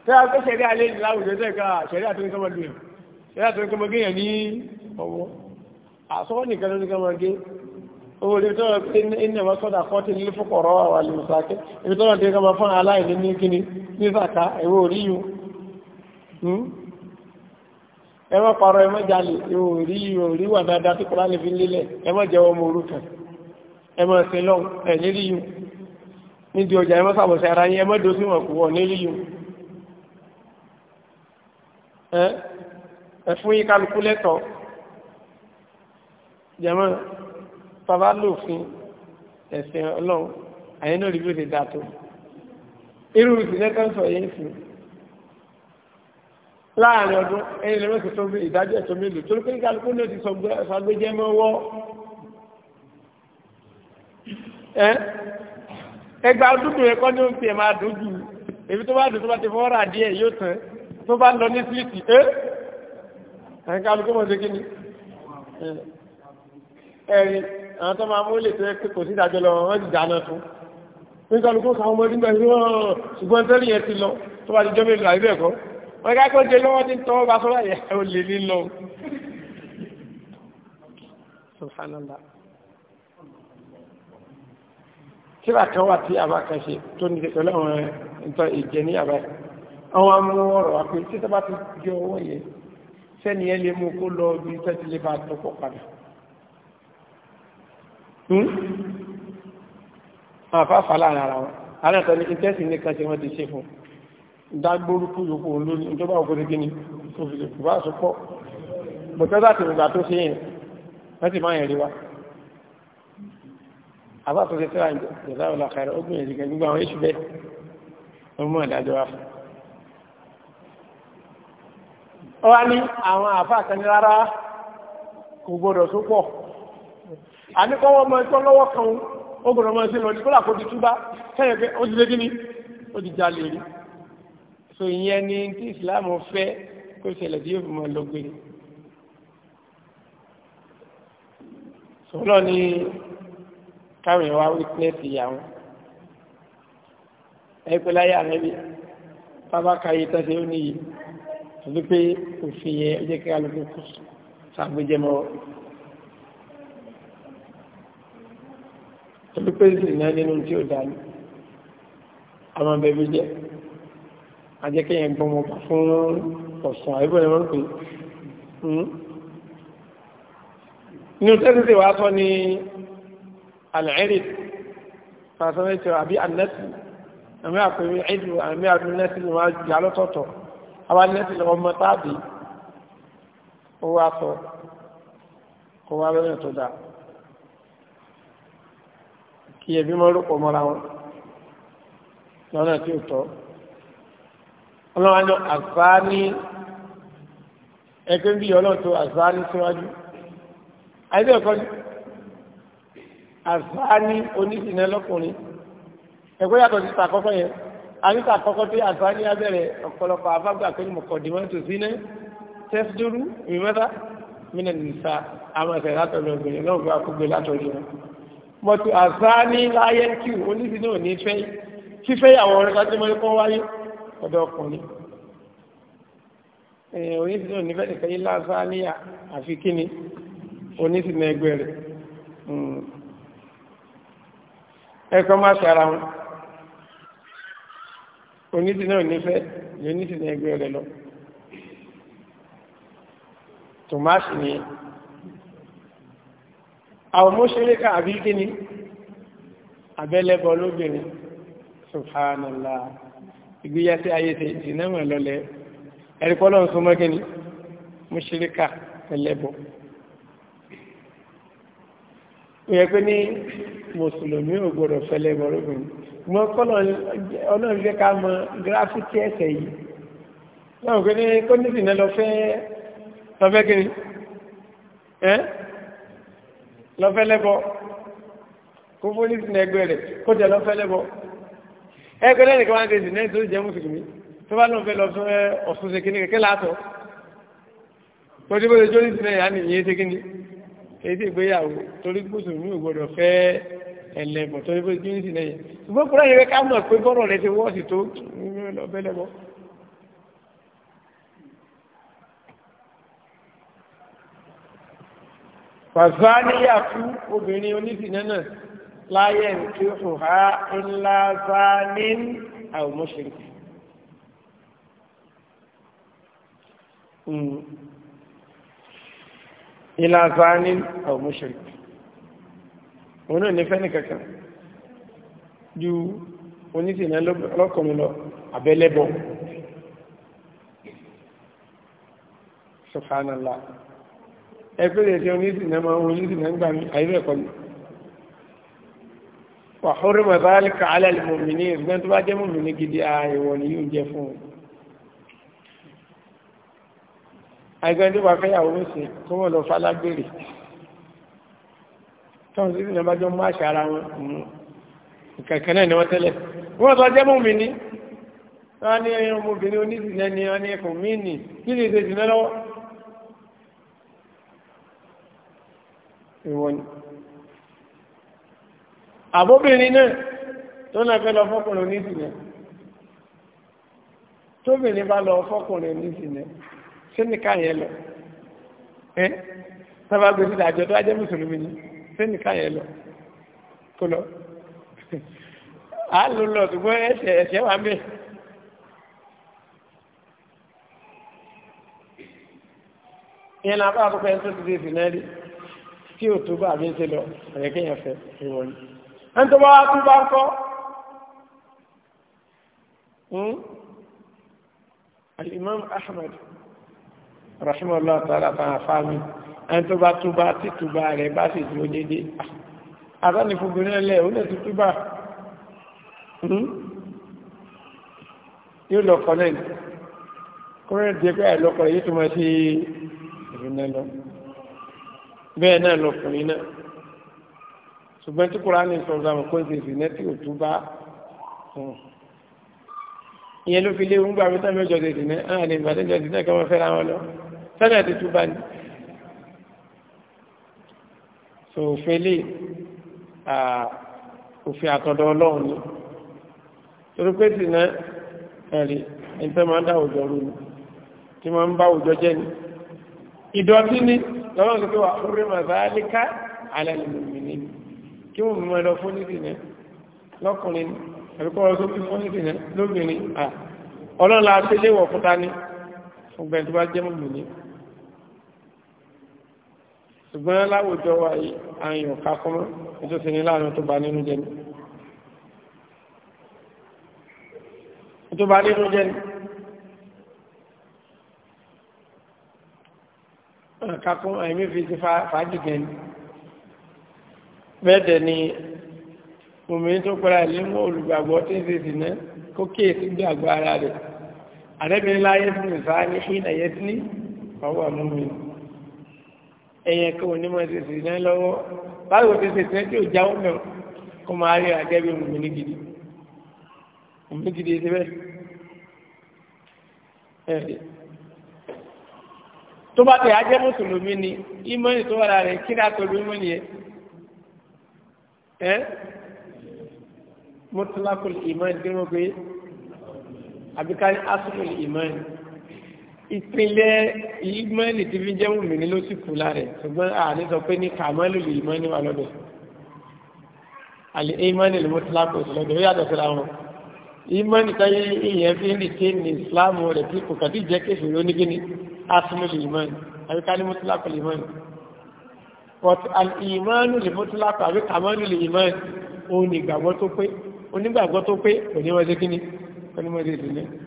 tẹ́ a pé ṣẹ̀rí alẹ́ ìlú láwùjọ tẹ́ka ṣẹ̀rí àti nǹkan mọ́gbé ṣẹ̀rí àti nǹkan mọ́gbé yẹn ní ọwọ́ àsọ́wọ́ nìkan ló nǹkan mọ́gbé owó lè tọ́rọ pé iná wọn sọ́dà fọ́tí nílé fọ́kọ̀rọ̀ wà lè sàké ibi tọ́rọ tí kọmọ fún aláìní ní kíni ní sàká ẹ̀wọ́ oríyù ẹmọ́ parọ́ ẹmọ́ jalè ẹwọ́ oríyù oríwà dáadáa tí kọ́lá lè fi lélẹ̀ ẹmọ́ jẹ́wọ́ ọmọ orúkẹ ẹmọ́ sílọ́n ẹ̀ níríyù nídìí ọjà ẹmọ́ sàbọ̀sẹ̀ ara yín ẹmọ́ dosí wọn kù wọ̀ níríyù ẹ̀fún yìí kálukú lẹ́tọ̀ jẹ́mọ́ bàbá lòfin ẹ̀sìn ọlọ́run àyẹ́ náà rí bí ó ti dàtò irú ìsìnlẹ̀ kan sọ yẹn sí láàrin ọdún ẹ̀yìn lọ́wọ́ ti tó ìdájọ́ ẹ̀tọ́ mélòó torí pé kálukú náà ti sọ gbẹ́jẹ́ mọ́wọ́ ẹgbàá dúdú ẹ̀kọ́ ní oúnjẹ máa dùn jù èmi tó bá dùn tó bá ti fọ́ rà díẹ̀ yóò tán tó bá ń lọ ní síìtì ẹ́ ẹ̀ka alùpùpù ṣe kí ni eh, ẹ̀rí àwọn tó máa mú lè tẹ́ kò sí ìdájọ́ lọ wọ́n ti dáná fún nígbà alùpùpù káwọn ọmọ ẹgbẹ́ ṣùgbọ́n tẹ́lẹ̀ yẹn ti lọ tó bá ti jọ́ mélòó àìbẹ̀ kọ́ wọ́n ká kó jẹ lọ́wọ́ ní tọ́wọ́ bá sọ́rọ̀ ẹ̀yà ò lè nílò subhanallah kíra kan wà tí a bá kan ṣe tó ní pẹ̀lú àwọn ìtọ́ ìjẹ ní àbáyé àwọn amú ọ̀rọ̀ àpè tí tó bá ti jẹ owó yẹn sẹ́ni ẹ lè mú kó lọ bí tẹ́tí lè bá tọ́pọ̀ padà hmm? àfáfà láàrin ara wọn alẹ́tọ̀ ní ìtẹ́sì ní kan tí wọ́n ti ṣe fún dágbórúkú yòókù olóní ìjọba òkúrú gíní tó fi lè fún bá ti rùgbà tó ṣe yìn wọ́n ti máa yìn rí wa àfáfà tó ṣe tẹ́lá ìjọba ìlàkàrẹ̀ ó gbìyànjú gẹ̀gbà àwọn èṣù bẹ́ẹ̀ ọmọ ìdájọ́ wa fún ó wá ní àwọn àfa àkànní rárá kò gbọdọ̀ tó pọ̀ àníkọ́wọ́ ọmọ ẹ̀tọ́ lọ́wọ́ kan ó gbọdọ̀ ọmọ ẹ̀sìn lọ ní kólà kó ti túbá kẹ́yìn pé ó ti lé kíní ó ti jalè rí so ìyẹn ni tí ìsìláàmù fẹ́ kó ṣẹlẹ̀ tí yóò fi máa lọ gbére sọlọ ni káwọn èèyàn wá wípínẹ́sì àwọn ẹgbẹ́ láyé àrẹ́bí bàbá kàyé tẹ́sẹ̀ ó níyì torí pé òfin yẹn ó jẹ́ kí alùpùpù kù sàgbéjẹmọ́ torí pé ìsìnà nínú tí ó dá ní àwọn abẹ́bí jẹ́ ajẹ́kẹ́yẹn gbọmọ bà fún ọ̀sán àìbọ̀n ẹ̀mọ́ pé ní tẹ́sí wàá sọ ní alẹ́rì fàṣọ́nẹ́tì àbí anẹ́tì àmì àpẹẹrẹ ẹ̀dù àmì àpẹẹrẹ nẹ́tì ni wọ́n á jà lọ́tọ̀ọ̀tọ̀ àwọn anẹ́sì lọ ọmọ táàbì ó wá sọ kó wá lọ́yìn tó dáa kí ẹbí mọ́ rúpọ̀ mọ́ra wọn lọ́nà tí ó tọ́ ọlọ́wọ́n àgbá ní ẹgbẹ́ bí ọlọ́run tó àgbá ní síwájú àìbẹ́ ẹ̀kọ́ ní àgbá ní lọ́kùnrin ẹgbẹ́ yàtọ̀ sí tàkọ́kọ́ yẹn àríkà àkọ́kọ́ tí àtúwání abẹ́rẹ́ ọ̀pọ̀lọpọ̀ àbágbà pé mọ̀kọ̀dìmọ́ tó sí ní tẹ́sídúrú ìmẹ́ta mílẹ̀ nìsa àwọn ẹ̀sẹ̀ látọ̀lọ́ obìnrin náà gba àkúgbé látọ̀lọ́ wọn. mọ̀tò àtúwání láyé kí oníṣì náà ní fẹ́ fífẹ́ àwọn ọ̀rẹ́ kájú mọ́ ikọ́ wáyé ọ̀dọ̀ ọkùnrin. oníṣì náà nífẹ̀ẹ́ nìkan yìí láǹfààní àfi kíni ẹ̀kọ́ má ṣe ara wọn oníṣìí náà nífẹ̀ẹ́ ní oníṣìí náà ẹgbẹ́ rẹ lọ tòmáṣì nìyẹn àwọn mọ́ṣẹ́lẹ́ ká àbí kíni abẹ́lẹ́bọ lóbìnrin subhanallah ìgbéyà sí ayé ṣe ìnáwó ẹ̀lọ́lẹ̀ ẹ̀rí pọ́lọ́ pé ní mùsùlùmí ò gbọdọ̀ fẹ́lẹ́bọ lóbìnrin ṣùgbọ́n kọ́lọ̀ ọlọ́run jẹ́ ká mọ gíráfíkì ẹ̀sẹ̀ yìí náà pé ní kọ́ndísì náà lọ fẹ́ lọ́fẹ́ kiri ẹ́ lọ́fẹ́ lẹ́bọ kó pólísì náà ẹgbẹ́ rẹ̀ kó jẹ́ lọ́fẹ́ lẹ́bọ ẹgbẹ́ lẹ́nìí kan wá dé ìdìnnẹ́ tó jẹ́ mùsùlùmí tó bá lọ́n fẹ́ lọ fẹ́ ọ̀sùn ṣe kíní kẹ́kẹ́ látọ̀ tó dé bó yà ni ìyẹn ṣe kíní èyí ti gbéyàwó torí mùsùlùmí ò gbọdọ̀ fẹ́ ẹlẹ́bọ̀ tó yẹ kí n sì lẹ́yìn ṣùgbọ́n kúrò yẹ ká mọ̀ pé bọ́rọ̀ rẹ ti wọ́ọ̀sì tó ọbẹ̀ lẹ́bọ̀. fàfà níyà fún obìnrin oníṣìnà náà láyé nkí ọ̀há ńlá bá ní àwọn mọ́ṣẹ́lẹ̀. ìlànà hmm. ní àwọn mọ́ṣẹ́lẹ̀ òun náà ní fẹ́ni kankan ju oníṣìnà lọ́kùnrin lọ abẹ́lẹ́bọ̀ subhanallah ẹgbẹ́rẹ̀ tí oníṣìnà máa ń oníṣìnà ń gbà mí àyíbẹ̀ kọ́ ni wà hórí mọ̀tàlì kàálẹ̀ mọ̀mìnì ìgbẹ́ tó bá jẹ́ mọ̀mìnì gidi ààrẹ̀wọ̀ ni yóò jẹ́ fún un tó bá fẹ́yàwó ń sìn kó táwọn sí ìsìnà bá jọ mú àṣà ara wọn mú ìkẹ̀kẹ́ náà ni wọ́n tẹ́lẹ̀ wọ́n sọ jẹ́ mú mi ní wọ́n ní ọmọbìnrin oníṣìṣẹ́ ni wọ́n ní ẹkùn mí nì kí ni ìṣe ìṣìnà lọ́wọ́ ìwọ ni àbóbìnrin náà tó náà fẹ́ lọ fọ́kùnrin oníṣìṣẹ́ tóbìnrin bá lọ fọ́kùnrin oníṣìṣẹ́ ṣé ní lọ ẹ́ sábà gbèsè àjọ tó ajẹ́ mùsùlùmí ni sẹ́ni káyẹ̀ lọ kó lọ á [laughs] lò lọ ṣùgbọ́n ẹsẹ̀ ẹsẹ̀ wà mí. ìyẹn náà bá àkókò ẹni tó ti di ìsìn náà rí tí ò tó bá àmì ṣe lọ ẹ̀yẹ́kẹ́yàn fẹ́ ìwọ̀n ni. ẹni tó bá tún bá ń kọ́ hmm? Al-Imam Ahmad rahimahullah ta'ala ta'ala fáwọn ẹni tó bá túbá tí túbá rẹ̀ bá sì dúró dédé àtàní fòbìnrin ẹlẹ́ ó lè ti túbá hmm? yóò lọ kọ́lẹ̀ kọ́rẹ́ dé pé àìlọ́kọ̀ yìí tó máa ṣe ìrìnà lọ bẹ́ẹ̀ náà lọkùnrin náà ṣùgbọ́n tí kúrò ní sọ̀rọ̀ àwọn kó ṣe ìrìnà tí ò túbá hmm. ìyẹn so òfin lè òfin àtọ̀dọ̀ ọlọ́run ni torí pé sì náà ẹ̀rí ẹni tó máa ń dá òjò rú ni tí máa ń bá òjò jẹ́ ni ìdọ̀tí ni lọ́wọ́n tó fi wà orí màzáálíká alẹ́lẹ́lẹ́mì ni kí wọ́n mú ẹlọ fún nídìí náà lọ́kùnrin àbíkọ́ ọ̀rọ̀ tó fi fún nídìí náà lóbìnrin ọlọ́run la ṣe léwọ̀ fúnta ni fún gbẹ̀ntúbá jẹ́ mọ̀mí ni ṣùgbọ́n láwùjọ wa àyàn ọ̀ká kọ́mọ́ nítorí sí ní láàrin tó bá nínú jẹ́ ni nínú jẹ́ ni kakún àìmí fi ti fàájì jẹ́ ni bẹ́ẹ̀dẹ̀ ni mòmìnir tó pẹ́ra ilé mọ́ olùgbàgbọ́ tí ń fi sì ná kó kíyè gbàgbọ́ ara rẹ̀ àdẹ́bìnrin láyé fún ìsáà ní ṣí ìnàyẹ́sí ní ọwọ́ àmúmìnir ẹ̀yẹ kí wọ́n ní mọ̀ ṣe sì náà lọ́wọ́ báwo ti ṣe sí ẹjọ́ ìjà ọmọ kó máa rí àgẹ́bí mùmí gidi mùmí gidi ṣe bẹ́ẹ̀. tó bá tẹ̀ ajẹ́ mùsùlùmí ni ìmọ̀ni tó wà lára rẹ̀ kí ni àtọ́jú ìmọ̀ni yẹn ẹ́ mọ́tòlákùl ìmọ̀ni tí wọ́n pe àbíkárí asùlùl ìmọ̀ni ìpínlẹ̀ ìmọ̀ẹ́nì tí fi jẹ́ mùmí ní ló sì kú lára ṣùgbọ́n àní sọ pé ní kàmọ́lù lè mọ́ níwà lọ́dọ̀ àlè ìmọ̀ẹ́nì lè mọ́ tí lápò sí lọ́dọ̀ ó yàtọ̀ síra wọn ìmọ̀ẹ́nì táyé ìyẹn fi ń dìtẹ́ ní ìsìláàmù rẹ̀ tí kò kàtí jẹ́ kéfì ló ní gíní asúnmọ́ lè mọ́ àbí ká ní mọ́tílápò lè mọ́ but ìmọ̀ẹ́nì lè mọ́tílápò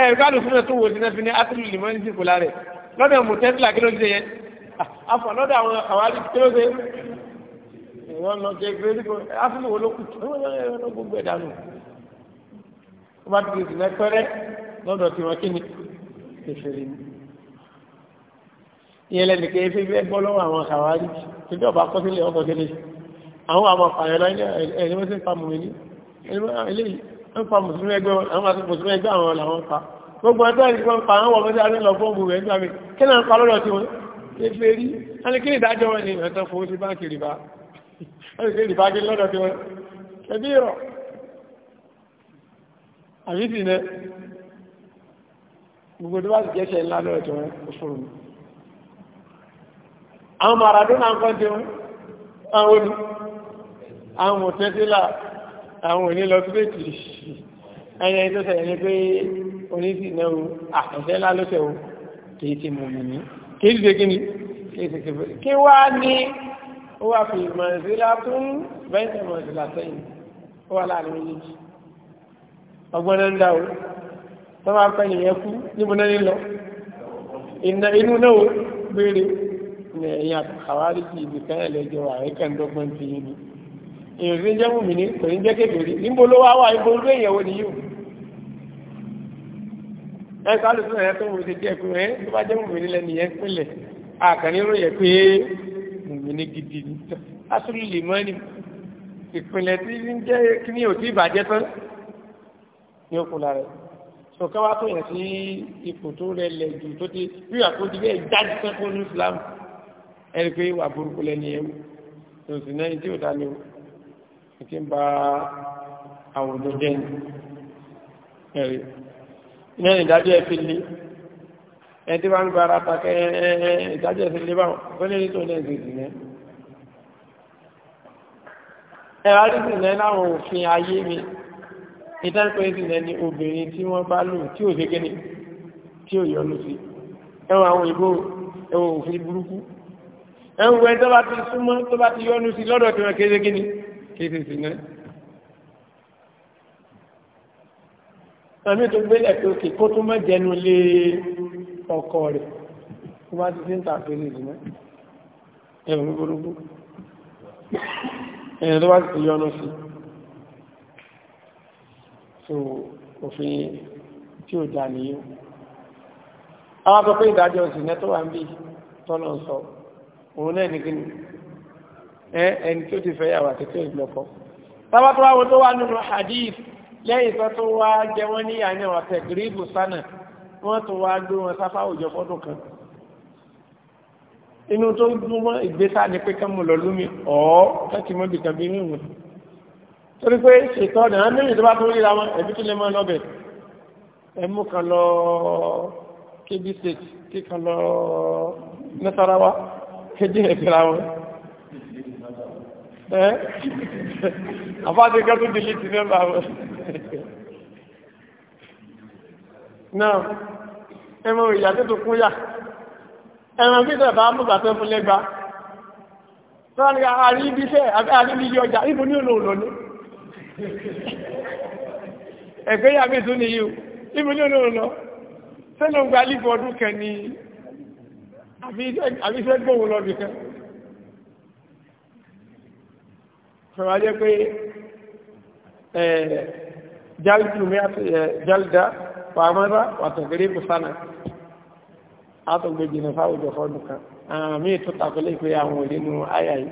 ẹ̀rọ̀kálù súnmọ̀ tó wò síná fi ní átìlù lè mọ́ní jìkò lára ẹ̀ lọ́dọ̀ mọ̀ tẹ́sílà kí ló ṣe yẹn afọ ah, lọ́dọ̀ àwọn àwárí kí ló ṣe ìwọ́n lọ jẹ́ ìgbé nígbò átìlù wo ló kù tó wọ́n gbogbo ẹ̀dá nù ó bá ti sì lẹ́pẹ́rẹ́ lọ́dọ̀ tí wọ́n kí ni kẹfẹ́rẹ́ ni ìyẹn lẹ́nu kẹ́ fi bẹ́ẹ̀ bọ́ lọ́wọ́ àwọn àwárí tí bí ọba kọ́sílẹ̀ ọkọ̀ kẹ́lẹ́ àwọn àmọ̀ pààyàn lọ́ ń pa mùsùlùmí ẹgbẹ́ wọn àwọn àti mùsùlùmí ẹgbẹ́ àwọn làwọn pa gbogbo ẹgbẹ́ ẹni kan pa àwọn ọmọdé àti lọ fóònù rẹ̀ nígbà mi kí náà ń pa lọ́dọ̀ tí wọn kéfé rí ẹni kí ìdájọ́ wọn ni ìrántọ́ fowó sí báńkì rìbá ẹni kí rìbá gé lọ́dọ̀ tí wọn ẹbí rọ̀ àbí sì nẹ gbogbo tó bá àwọn Maradona ń kọ́ tí wọn àwọn olù àwọn mọ̀tẹ́sílà àwọn òní lọ túbẹ̀tì ẹyẹ tó ṣẹlẹ̀ ní pé oníṣìnà o àtẹ̀tẹ̀ lálọ́tẹ̀ o kìí ti mọ̀ mí kìí ṣe kí ni kìí ṣe kí wá ní ó wà fi mọ̀nsílá tún bẹ́ẹ̀ mọ̀nsílá sẹ́yìn ó wà láàrin méjèèjì ọgbọ́n náà ń dá o tó máa pẹ́ nìyẹn kú níbo náà ń lọ inú náà o béèrè ní ẹ̀yìn àtàwárí ti ibìkan ẹ̀lẹ́jọ́ àríkàndọ́gbọ̀n ti yìí èèyàn kì í jẹ́ mùmí ní kò ní jẹ́ kékeré níbo ló wá wà níbo ló èèyàn wò níyù ẹ sọ alùpùpù náà yẹ kó mùmí ti jẹ́ pé ẹ tó bá jẹ́ mùmí nílẹ̀ nìyẹn pínlẹ̀ àkànní yẹ pé mùmí ní gidi ní asúlù lè mọ́ ni ìpínlẹ̀ tí ń jẹ́ kí ni ò tí ì bàjẹ́ tán ní òkúla rẹ̀ sọ ká wá tó yẹn sí ipò tó rẹ̀ lẹ̀ jù tó ti rí àkójú bẹ́ẹ̀ jáde sẹ́kọ̀ọ́ ní Islam ẹ̀rí pé wà burúkú lẹ́ni ẹ̀wù tòsí náà ìtí ń ba àwùjọ jẹ́ ní ẹ̀rí iná ìdájọ́ ẹ̀ fi lé ẹ̀ tí wọ́n ń gba ara ta kẹ́ ìdájọ́ ẹ̀ fi lé báwọn ó lè rí tó lè rí ìdìnnẹ́ ẹ̀ wá rí ìdìnnẹ́ láwọn òfin ayé mi ìtànkọ́ ìdìnnẹ́ ni obìnrin tí wọ́n bá lò tí ò ṣe kéde tí ò yọ lọ sí ẹwọ àwọn ìbò ẹwọ òfin burúkú ẹwọ ẹ tó bá ti súnmọ́ tó bá ti yọnu sí lọ́dọ̀ tí wọ́n kéde kíni kí sì sí náà. àmì tó gbélẹ̀ pé òkè kó tó má jẹnu lé ọkọ rẹ̀ tó bá ti sí ń tàfẹ́lẹ̀ ìdìmọ́ ẹ̀rùn gbogbo ẹ̀yìn tó bá ti yọnu sí so òfin tí ó dà nìyí àwọn akọ́kọ́ ìdájọ́ sí nẹ́tọ́wà ń bí tọ́lọ̀ sọ òun náà ní gíní ẹni tó ti fẹ́yàwó àti tó ìlọ́kọ. tábàtú àwọn tó wà nínú hadith lẹ́yìn tó tó wá jẹ wọ́n ní àní àwọn tẹ̀gírìbù sánà wọ́n tó wá gbé wọn sáfà òjò fọ́dún kan. inú tó dúnmọ́ ìgbésà ni pé kánmu lọ lómi ọ̀ọ́ láti mọ́ ibìkan bí mímu. torí pé ṣètò ọ̀nà àwọn méjì tó bá tó ríra wọn ẹ̀bí tó lè mọ́ lọ́bẹ̀ ẹ̀mú kan lọ kébí state kíkan lọ nasarawa kéde ẹ̀fẹ́ra wọn. Eh? [laughs] àfáàdé kan tó délé ti mẹ́mbà wọn náà ẹmọ ìyá tó tó kún yà ẹran bí sẹ̀ bá mú bàtẹ́ fún lẹ́gba tó wọ́n ní àárín ibi iṣẹ́ àbí àárín ibi ọjà ibo ní òun lò ní ẹ̀gbẹ́ yà mí tún nìyí o ibo ní òun lò sẹ́nu gba lífọ̀ ọdún kẹ́ni àbí iṣẹ́ gbóhùn lọ́dún kẹ́ni. sọ̀rọ̀ ajẹ́ pé jálda pàmọ́ra wàtàgírí musana àtọ̀gbẹ̀jì náà fáwọ̀jọ fọ́nù kan àwọn míì tó tàkọlé pé àwọn òlínú àyà yìí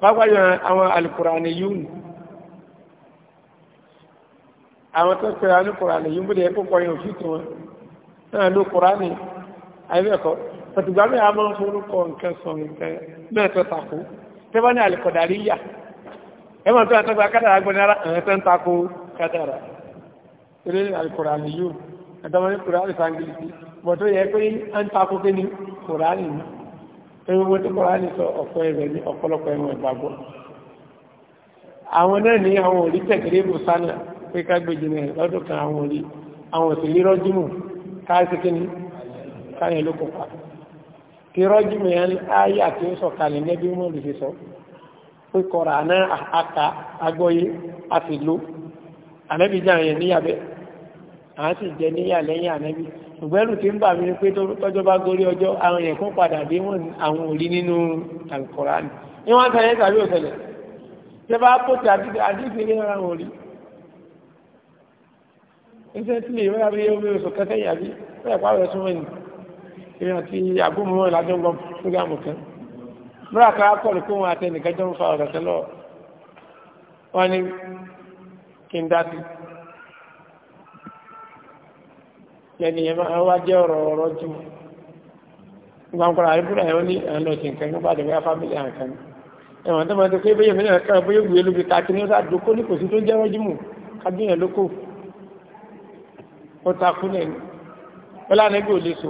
pápájọ àwọn alìkùránì yìí àwọn tó pẹ̀lú alìkùránì yìí múlẹ̀ ẹ̀kọ́ kọyìn òfin tí wọn náà ló kùránì àìbẹ̀kọ́ pẹ̀tùgbàmí àmọ́ fórúkọ nǹkan sọ nǹkan náà tó tàkó tẹ́bá ní alìkọ̀dáríyà ẹ máa tó àtọ́gbà kádàrà gbọ́n nára ẹ̀rẹ́ tẹ́ ń takò kádàrà eré alukùránì yóò ẹ̀dọ́mọ́ ní kùránì sangilisi bọ̀ tó yẹ pé ń takò kí ni kùránì ni ẹ̀rọ owó tó kùránì sọ ọ̀pọ̀ ẹ̀rẹ̀ ní ọ̀pọ̀lọpọ̀ ẹ̀wọ̀n ìgbàgbọ́ àwọn náà ní àwọn òrí tẹ̀kẹ́rẹ́ bù sánà pé ká gbé jìnnà lọ́dún kan àwọn òrí àwọn òsì lérọ́ jùmọ̀ káàsì ni káyẹ̀ ló kópa kí rọ́jùmọ̀ yẹn áyà tí ó sọ̀kalẹ̀ ní ẹbí mọ́ pé kọ̀rọ̀ àná àka a àti ló ànẹ́bí jẹ́ àyẹ̀ níyàbẹ́ à ń sì jẹ níyà lẹ́yìn ànẹ́bí ìgbẹ́rù tí ń bà mí pé tọ́jọ́ bá gorí ọjọ́ àwọn èèyàn kan padà dé wọn àwọn òrí nínú Al-Kùránì ni wọ́n ń sẹ́yìn tàbí òṣẹlẹ̀ tí a bá kó ti àdídì ní ara wọn rí iṣẹ́ tí lè wọ́n yàgbé omi oṣù kẹsẹ̀ yàgbé wọ́n yàgbá rẹ̀ súnmọ́ ni èèyàn ti àgbọ̀mọ́ lájọ́ gbọ́n fúgàmù kan múra kan akọ̀lù kó wọn àtẹnìkan jọ ń fa ọ̀rọ̀ tẹ́lọ̀ wọn ni kí n dá sí lẹ́nu yẹn máa wá jẹ́ ọ̀rọ̀ ọ̀rọ̀ jù ìgbà ń kọ́ra àríbúrà ẹ̀ ó ní àwọn lọ sí nǹkan nígbà tó bá fámìlì àǹkan ẹ̀wọ̀n tó máa tó pé bẹ́yẹ̀ mìíràn kan bóyá òwúyẹ lóbi káàkiri ní ó sá ní kò tó ń jẹ́wọ́ jímù kábíyàn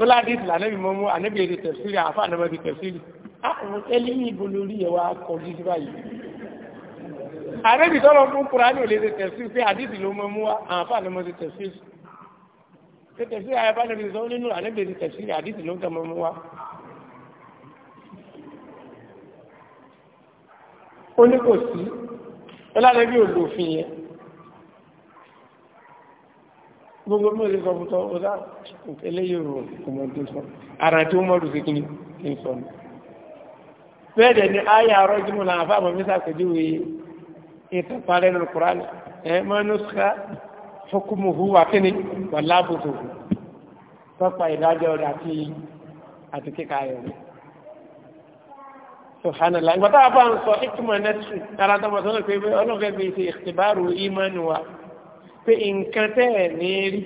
ó láti ìsìlẹ̀ ànábì mọ́ mú ànábì èdè tẹ̀sílì àfà ànábì èdè tẹ̀sílì eléyìí ibo lórí ẹ̀ wá kọ gidi báyìí ànábì tọ́lọ fún kúránì ò lè ṣe tẹ̀sílì pé àdìsí ló mọ́ mú àfà ànábì èdè tẹ̀sílì pé tẹ̀sílì àyàfà ànábì sọ nínú ànábì èdè tẹ̀sílì àdìsí ló ń tẹ̀ mọ́ mú wá. ó ní kò sí ó lálẹ́ bí òlòfin yẹn gbogbo mọ́ ilé sọ fún tọ́ ọ̀dá eléyìí rò ọmọ tó sọ ara tí ó mọ́ rùsí kí ní sọ ní. bẹ́ẹ̀ dẹ̀ ni ayé àárọ̀ jùmọ̀ náà àfa àmọ́ mi sàkójúwe ìtàparẹ́ nínú Kùránì ẹ̀ mọ́nùsíkà fọkùmùhù wà kíni wà lábùtò tọ́pa ìdájọ́ rẹ̀ àti àti kíkà rẹ̀ rẹ̀. subhanallah ìgbà táwọn bá ń sọ ìtumọ̀ nẹ́tì ara tó mọ̀ sọ́nà pé ọlọ́fẹ́ bíi ṣe ìtìbárò ìmọ̀ nù wa pé nǹkan tẹ́ ẹ̀ ní rí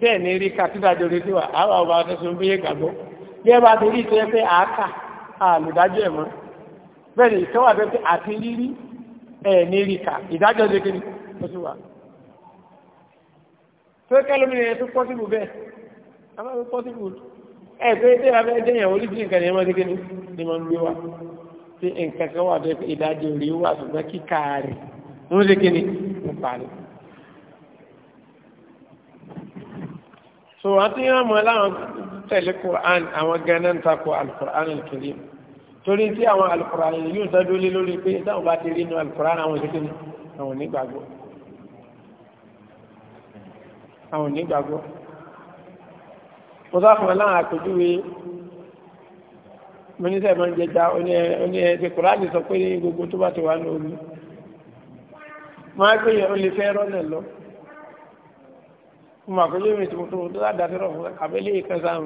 tẹ́ ẹ̀ ní rí ká tí dájọ́ rẹ sí wa àwọn ọba tuntun bí yé gbàgbọ́ bí ẹ bá torí ìtọ́ ẹ pé àákà àlùdájọ́ ẹ̀ mọ́ ni ìtọ́wà bẹ́ẹ̀ pé àti rírí ẹ̀ ní rí ká ìdájọ́ rẹ kiri ó sì wà. tó kẹ́lómi ni ẹ tún pọ́sibù bẹ́ẹ̀ a máa fi pọ́sibù ẹ pé tí ẹ bá fẹ́ dẹ́yìn oríṣiríṣi nǹkan ni ẹ máa ti ni mo ń gbé wa tí nǹkan kan wà bẹ́ẹ̀ pé ìdájọ́ rẹ wà ṣùgbọ́n kíkà rẹ̀ ń ṣe so àti yàn mọ́ láwọn tẹ̀lé Qur'an àwọn ganan takò al-Qur'an al-Karim torí tí àwọn al-Qur'an yóò dádó lé lórí pé táwọn bá ti rí inú al-Qur'an àwọn ìṣẹ́kẹ́ àwọn onígbàgbọ́ àwọn onígbàgbọ́ mo sá fún ẹ láwọn àpèjúwe mínísẹ̀ máa ń jẹja oní ẹ̀ẹ́dẹ̀ Kùránì sọ pé gbogbo tó bá ti wà ní omi máa gbé yẹn ó lè fẹ́ rọ́nà lọ mo mà kọjú mi tòmọtòmọ tó dáadáa tó rọrùn abẹ́lé ìkẹsà ń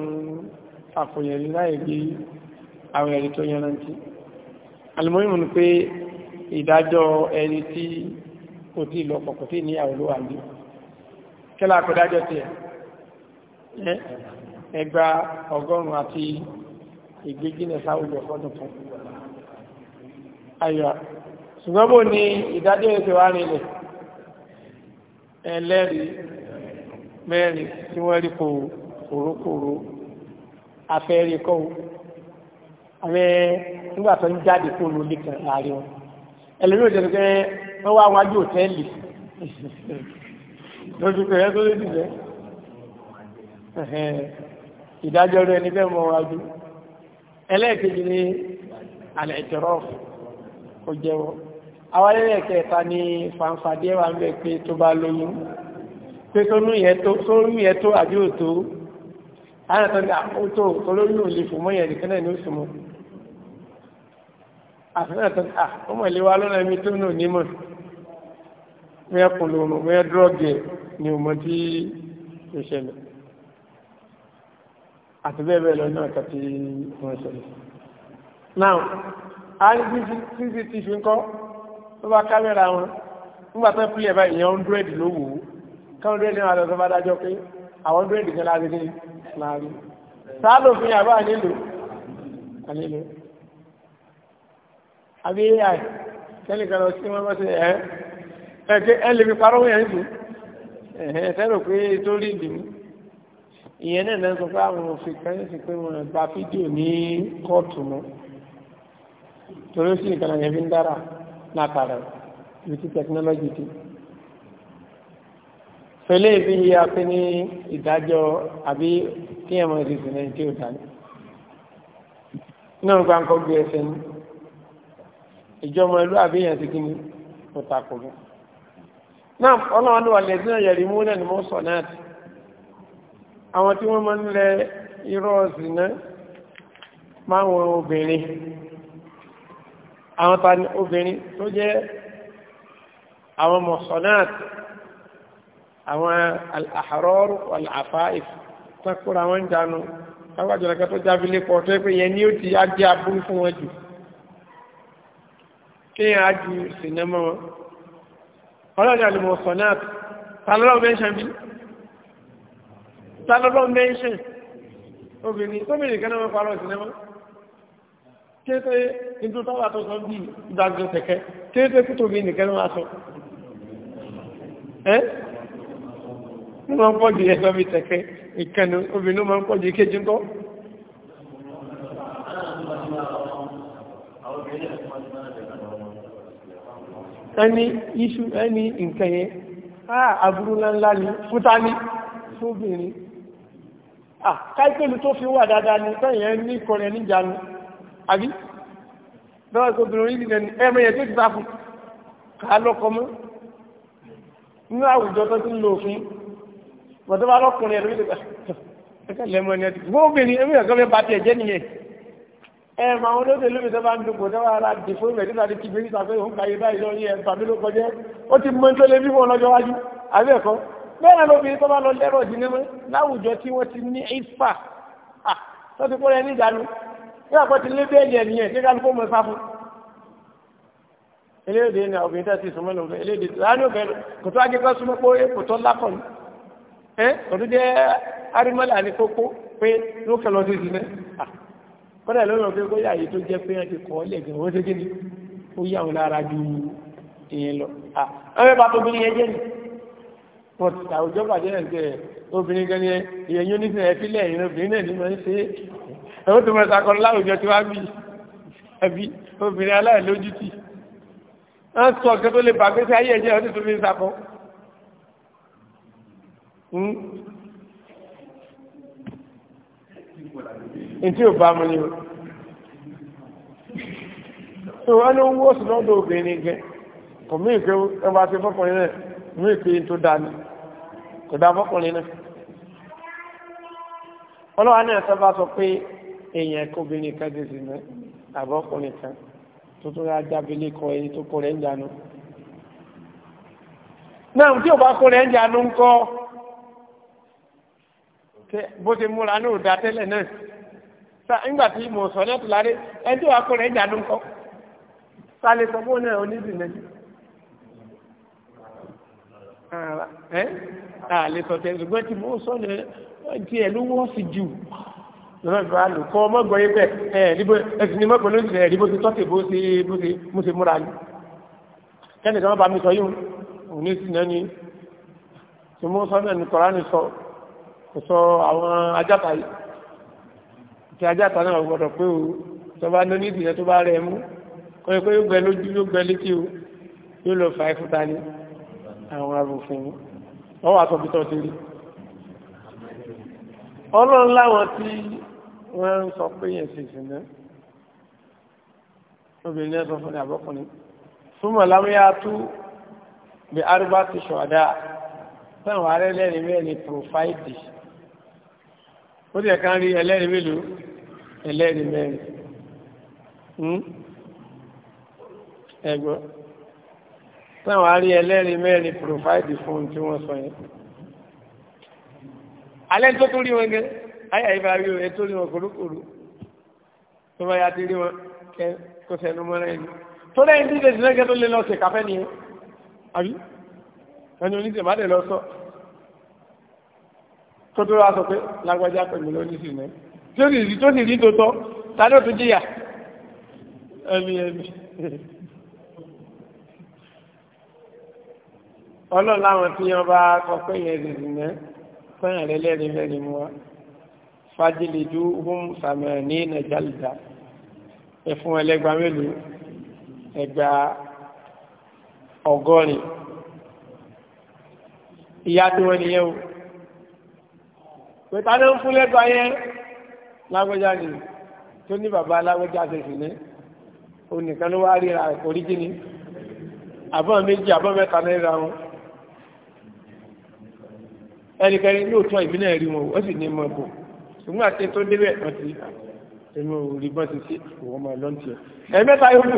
fàfòyàn ní láì bí àwọn ẹ̀rí tó yanrantí alùmọ́yìn ni pé ìdájọ́ ẹni tí kò tí lọ́pọ̀ kò tí níyàwó ló wà ní kílá àkọ́dájọ́ tiẹ̀ ẹgbà ọgọ́rùn-ún sáwùjọ fọ́dún kan ayọ̀ ṣùgbọ́n bó ni ìdájọ́ ẹ̀ṣẹ̀ nílẹ̀ ẹlẹ́rìí mẹ́rin tí wọ́n rí kò kòrókòró afẹ́rí kọ́ ààrẹ nígbà tó ń jáde kó ló lè kàn láàrin wọn ẹlẹ́rìí òjò ló fẹ́ wọ́n wá wájú òtẹ́ẹ̀lì [laughs] lójú kẹrẹ tó lójú rẹ ìdájọ́ rẹ ní bẹ́ẹ̀ mọ wájú ẹlẹ́ẹ̀kejì ni àlẹ́ ìtẹ̀rọ̀fù ó jẹ́wọ́ àwọn ẹlẹ́ẹ̀kẹta ni fàǹfàdé wa ń bẹ pé tó bá lóyún pé sónú yẹn tó sónú yẹn tó àbí òtó àyàtọ̀ ní àkótó olóyún ò ah, lè fò mọ́ yẹn nìkan náà ní oṣù mọ́ àfihàn tó ah, à ọmọ ilé wa lọ́nà mi tó nù nímọ̀ mẹ́ẹ̀ kùn lòun mẹ́ẹ̀ dúrọ́gì ni òmò tí ó ṣẹlẹ̀ àti bẹ́ẹ̀ bẹ́ẹ̀ lọ náà kàtí wọ́n ṣẹlẹ̀ now a ní cctv ń kọ́ tó bá kámẹ́rà wọn nígbà tó ń pilẹ̀ báyìí ìyẹn hundred ló káwọn dúró ní àwọn àdọ̀sọ́ bá dájọ́ pé àwọn dúró ìdìkan láti ní láàrin sáàlò fi àbá nílò ànílò àbí ai kẹ́nìkan lọ sí wọn bá ṣe ẹ̀ ẹ̀ ẹ lè fi parọ́ wọ́n yẹn sùn ẹ̀hẹ́ tẹ́rọ pé tó rí ìdìmú ìyẹn náà náà sọ pé àwọn òfin kan yẹn sì pé wọn gba fídíò ní kóòtù mọ́ torí ó sì ìkànnì yẹn ń dára látara ibi tí tẹkinọ́lọ́jì ti pẹ̀lẹ́ ibi yíya pé ní ìdájọ́ àbí kí ẹ̀ mọ̀ ìdìbò náà tí ó dání. náà gbàǹkọ́ gbé ẹsẹ̀ ní ìjọmọ ìlú àbí èèyàn ti kí ni ó takò mí. náà ọlọ́run ló wà lẹ́sìn náà yẹ̀rì mú náà ni mo náà tì. àwọn tí wọ́n máa ń lẹ irọ́ ọ̀sìn náà máa ń wọ obìnrin àwọn ta ni obìnrin tó jẹ́ àwọn mọ̀sọ̀ náà tì àwọn àhárọ́rù àfáàif takura wọn jánu káwájú lẹ́kẹ́ tó jábílé pọ̀ tó pé yẹn ní ó ti ajé abúrú fún wọn jù kéèyàn á ju sinimá wọn ọlọ́dẹ àlùmọ̀sán náà tàlọ́lọ́ mẹ́ṣẹ̀ ó máa ń pọ̀ jù ẹ̀fọ́ mi tẹ̀kẹ́ ìkànnì obìnrin ó máa ń pọ̀ jù kéjì ńkọ́. ẹni iṣu ẹni nǹkan yẹn áà aburú ńláńlá ni fúta ní fóbìnrin káìpẹ́lú tó fi wà dáadáa ni sẹ́yìn ní kọrin níjànú àbí lọ́wọ́ tó bìnrin orílẹ̀ èdè ni ẹmọ yẹn tó ti sáfù ká lọ́kọ mọ́ nínú àwùjọ tó ti ń lo òfin bọ̀dọ̀ bá lọ́kùnrin ẹ̀rọ ìdìbò ẹ̀kẹ́ lẹ́mọ ni ẹ̀dì gbogbo obìnrin ẹ̀mí ọ̀gá mi bá tiẹ̀ jẹ́ nìyẹn ẹ̀ mà wọn lóde lóbi tó bá ń dùnkù tó bá ra dì fún ìrẹ̀dí láti ti gbé níta pé òun kàyé báyìí lọ yẹ tàbí ló kọjá ó ti mọ tó lé bímọ lọ́jọ́ wájú àbí ẹ̀kọ́ bẹ́ẹ̀ náà lóbi tó bá lọ lẹ́rọ̀ dì ní láwùjọ tí wọ́n ti ní ìfà tó ti kó rẹ ní ìdánu yóò àpọ̀ ti lé bẹ́ẹ̀lì ẹ̀ nìyẹn kí kálukú mọ̀ sáfù eléyìí ni obìnrin tẹ́sí súnmọ́ lọ́wọ́ eléyìí láàánú bẹ́ẹ̀ kò súnmọ́ pé kò tó lákọ̀ọ́ ẹ́ ọdún jẹ́ arímọ́lá ní kókó pé ló kẹlọ sí ìsinmi kọ́dà ló lọ pé kó yà yìí tó jẹ́ pé wọ́n ti kọ́ ọ́lẹ̀ gan wọ́n ṣe kí ni ó yà wọn lára ju ìyẹn lọ. àwọn ẹ̀bà tó bínú yẹn jẹ́ ni wọ́n ti àwùjọ bàjẹ́ náà jẹ́ obìnrin gan ni ìyẹn yóò ní sinmi ẹ̀fílẹ̀ ìyẹn obìnrin náà ní máa ń ṣe é ẹ̀wọ́n tó máa ṣàkọlọ láwùjọ tí wàá bì àbí obìnrin aláìlójútì. wọ́n sọ ọ̀gá tó lè bàgbé sí ayé ẹ̀jẹ̀ ọdún tó fi ń ṣàkọ́ Hmm? ntí ò bá mu ni o tó wọn owó oṣù lọ́dọ̀ obìnrin gẹ kò mí ìpé ẹwà ti fọkùnrin náà mí ìpé tó dá ni kò dá fọkùnrin náà ọlọ́wà náà tó bá sọ pé èèyàn kóbìnrin kan ti sì náà àbọ̀kùnrin kan tó tó rà jábílé kọ èyí tó kọ rẹ̀ ń jánu náà tí ò bá kọ rẹ̀ ń jánu ń kọ́ bó ṣe múra náà dá tẹ́lẹ̀ náà sa ńgbà tí mo sọ náà tó láre ẹni tí wàá kó rẹ̀ ń dàdún kọ́ sa lè sọ bóun náà onídìí náà ẹ́ àlè sọ̀tẹ̀ ṣùgbọ́n tí mo sọ ní ti ẹ̀ ló wọ́ sí jù lọ́nà ìgbà lò kọ́ mọ́gbọ́n yín bẹ́ẹ̀ ẹ̀ ẹ̀dígbò ẹ̀sìn ní mọ́gbọ́n ló ń ṣe ẹ̀dígbò ti tọ́tẹ̀ bó ṣe bó ṣe mo ṣe múra ni kẹ́ni kan bá mi sọ yìí òun ní sí náà tí mo sọ náà ní Kùránì sọ kò sọ àwọn ajáta yìí tí ajáta náà gbọdọ̀ pé o tó bá lóní ìdílé tó bá rẹ̀ mú kọ́ ẹ pé yóò gbẹ lójú yóò gbẹ létí o yóò lọ fà ìfúta ní àwọn arúfin wọ́n wà tọ́bi tọ́ sí rí ọlọ́run láwọn tí wọ́n ń sọ pé yẹn sì sí náà obìnrin náà sọ fún ní àbọ́kùnrin súnmọ̀ lámúyá tú bí arúgbá ti ṣọ̀dá táwọn arẹ́lẹ́rìí mẹ́rin profaidi ó ti ẹ̀ka rí ẹlẹ́rìí mélòó ẹlẹ́rìí mẹ́rin hmm? ẹgbọ́ táwọn arí ẹlẹ́rìí mẹ́rin pòròfáìdì fún tí wọ́n sọ yẹn alẹ́ tó tó rí wọn gẹ́ ayà ìbá rí wọn tó rí wọn kòrókòrò tó bá yá ti rí wọn kó sẹ́nu mọ́ra ẹni tó lẹ́yìn tí ìdẹ̀sí náà gẹ́ tó lé lọ́sẹ̀ káfẹ́ nìyẹn àbí ẹni oníṣẹ́ má lè lọ sọ kó tó wá sọ pé lágbájá pẹ̀lú lónìí náà tí ó sì rí tó sì rí tó tọ́ ta ló tún jìyà ẹni ẹni ọlọ́run láwọn tí wọ́n bá kọ pé yẹn sì sì náà fẹ́ràn rẹ lẹ́rìí mẹ́rin mu wa fagilé ju hum sàmẹ̀ ní nàìjíríà ẹ̀fún ẹlẹ́gbàá mélòó ẹgbàá ọgọ́rin ìyá tí wọ́n nìyẹn o pẹ̀tà náà ń fún lẹ́gbàá yẹn lágbẹ́já ni tó ní bàbá lágbẹ́já ṣe sì ní onìkan ló wá ríra oríjì ni àbọ̀ méjì àbọ̀ mẹ́ta náà ríra wọn ẹnikẹ́ni ní òtún ìbí náà rí wọn ó sì ní mọ̀ bò ṣùgbọ́n àti tó débẹ̀ kan ti ẹnu òrí bọ́n ti sí òun máa lọ́ntì ẹ̀ mẹ́ta yóò lù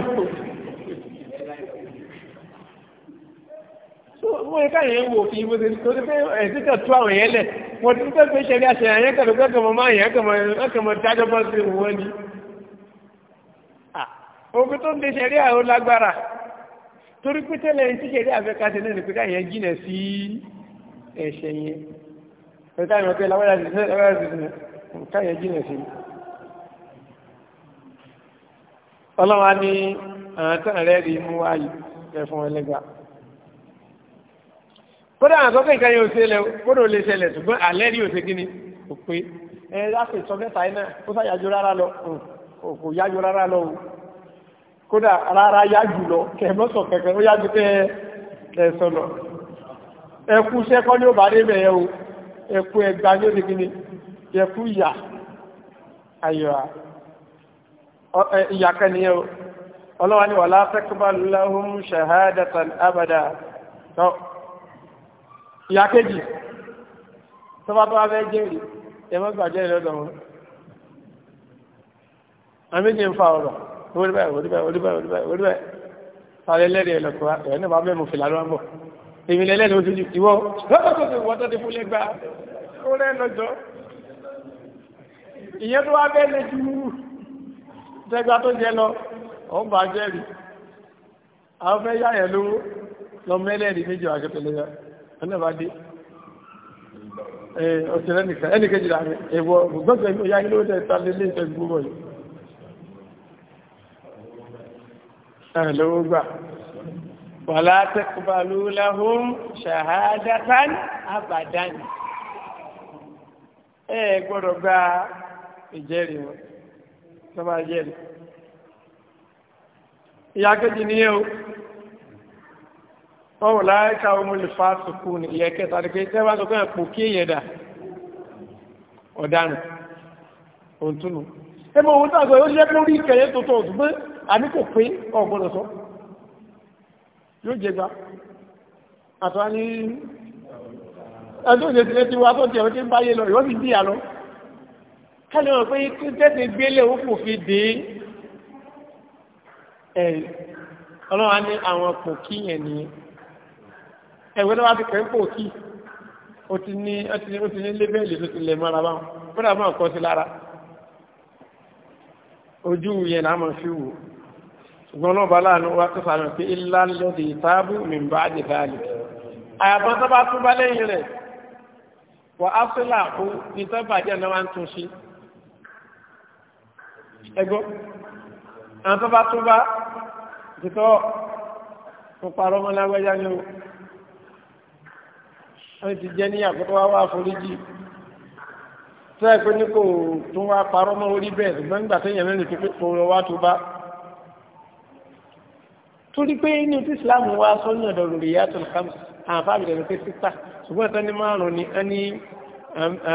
wọ́n ká yẹn wò fi ìwé tó ti fẹ́ ẹ̀ mo ti pẹ́ pé ṣẹlẹ̀ àṣẹ àyẹ́ kẹ̀lú kẹ́kẹ̀ mọ́ máa yẹn kẹ̀kẹ̀ mọ́ dájọ́ bá sí ìwọ́ ni ogun tó ń de ṣẹlẹ̀ àwọn lágbára torí pé tẹ́lẹ̀ ní ṣẹlẹ̀ àfẹ́kàṣẹ náà ní pé káyẹn jìnà sí ẹ̀ṣẹ̀ yẹn pẹ̀lú àwọn ọ̀pẹ́ láwọ́yà sí káyẹn jìnà sí ọlọ́wà ní àwọn kódà àgọ́ pé nǹkan yẹn ò ṣe lẹ kódà ò lè ṣẹlẹ̀ ṣùgbọ́n alẹ́ òṣè kíni kò ẹ láti sọ mẹ́ta iná ó sá rárá lọ kò yájú rárá lọ o kódà rárá yájú lọ kẹmọ́sọ̀ kẹkẹ ó yájú kẹ ẹ sọnà ẹkú sẹ́kọ́ ní òbá dé bẹ̀yẹ o ẹkú ẹgbà ní òṣè ẹkú ìyà ayọ̀ o ọlọ́wà ni wàlá lọ́hùn ìyá kejì tọ́ba tó wá fẹ́ jẹ́rìí ẹ mọ́ gbàjẹ́ lọ́dọ̀ wọn. àwọn méjì ń fa ọ̀rọ̀ orí bẹ́ẹ̀ orí bẹ́ẹ̀ orí bẹ́ẹ̀ orí bẹ́ẹ̀ orí bẹ́ẹ̀ sáré lẹ́rìí ẹ̀ lọ́kọ̀ ẹ̀ náà bá mẹ́mu fìlà ló ń bọ̀ èmi lẹ́lẹ́rìí ojú ìwọ wọ́tọ́ ti fún lẹ́gbàá ó rẹ́ lọ́jọ́ ìyẹn tó wá fẹ́ lẹ́jú ẹnẹ́bàdé ọ̀sẹ̀rẹ̀ nìkan ẹnìkejì láàrin ẹ̀wọ̀ gbọ́gbẹ̀ ìyá ilé ó dẹ̀ tàbí ilé ìtẹ́ gbogbo yìí ẹ̀rẹ̀ lówó gbà wàlá tẹ́kùbàlú láhùn ṣàhádátán àbàdán ẹ gbọ́dọ̀ gba ìjẹ́rìí wọn tó bá jẹ́rìí ìyá kejì nìyẹn o wọ́n wò láyé ká wọ́n mú lè fa sùkú ní ìyẹn kẹta ni pé tẹ́ bá sọ pé ẹ̀ pò kí èèyàn dà ọ̀daràn òun tún nù. ẹ mọ òun tàbí ó jẹ́ lórí ìkẹyẹ tó tọ̀ ọ̀dùn pé àní kò pé ọ̀gbọ́dọ̀ sọ yóò jẹ gba àtọ́ ọlọ́wà ní àwọn kò kíyàn nìyẹn ẹ̀wẹ́ náà wá ti kẹ́ ń pò kí ó ti ní ó ti ní ó ti ní lébẹ́ẹ̀lì tó ti lẹ̀ mọ́ra báwọn kódà máa kọ́ sí lára ojú yẹn náà máa fi wò ṣùgbọ́n náà bá láàánú wa tó sàmì pé ilá lọ́dẹ̀ ìtaábù mìíràn bá dé báàlì àyàbọ̀ tó bá tún bá lẹ́yìn rẹ̀ wà á fi làkú ní tó bàjẹ́ náà wá ń tún ṣe ẹgbọ́ àwọn tó bá tún bá títọ́ fún parọ́ mọ́ ni o wọ́n ti jẹ́ níyà pé wá wá foríjì tó ẹ̀ pé ní kò tún wá parọ́ mọ́ orí bẹ́ẹ̀ ṣùgbọ́n nígbà tó yẹn lẹ́nu pé kò lọ wá tó bá. torí pé ní ti Islam wá sọ́nà ọ̀dọ̀ lórí yàtọ̀ kàmù àǹfààní rẹ̀ pé sísà ṣùgbọ́n ẹ̀tọ́ ní márùn-ún ni ẹni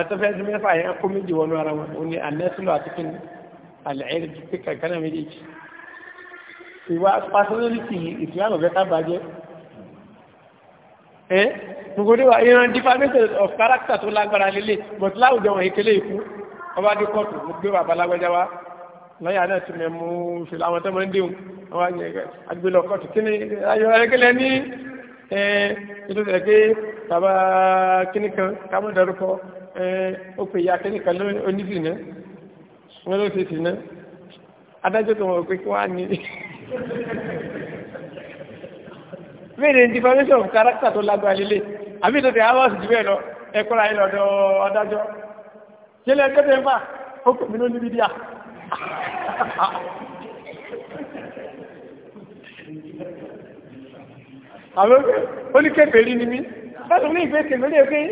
àtọ́fẹ́ sí mẹ́fà yẹn kó méjì wọnú ara wọn òun ni anẹ́sìlò àti kí ni àlẹ́rì pé kankan náà méjèèjì ìwà pásọ́nẹ́lì ẹ́ gbogbo wa ìran defamation of character tó lágbára lélẹ̀ but láwùjọ wọn ìkélé ikú ọba dé kóòtù mo gbé bàbá lágbájá wa lọ́yà náà ti mẹ́ mú fi láwọn tó máa ń déhùn àwọn agbélọ̀ kóòtù kí ni ayọ̀ ẹ̀kẹ́lẹ́ ní ìtòsílẹ̀ pé bàbá kíní kan kámọ́ dárúkọ ó pè ya kíní kan onísì náà wọ́n ló ṣe sí náà adájọ́ tó wọ́n pé kí wọ́n á ní mẹ́rin defamation of character tó lágbára lílé àbí tó ti hours jù bẹ́ẹ̀ lọ ẹ̀kọ́ ra ìlọ́dọ̀ ọ̀dájọ́ ṣẹlẹ̀ kẹ́tẹ́ ń fà ó kò mí ló níbi díà àwọn oníkẹ́fẹ́ rí ni mí láti ní ìfẹ́ kẹ́fẹ́ rí ẹ̀kẹ́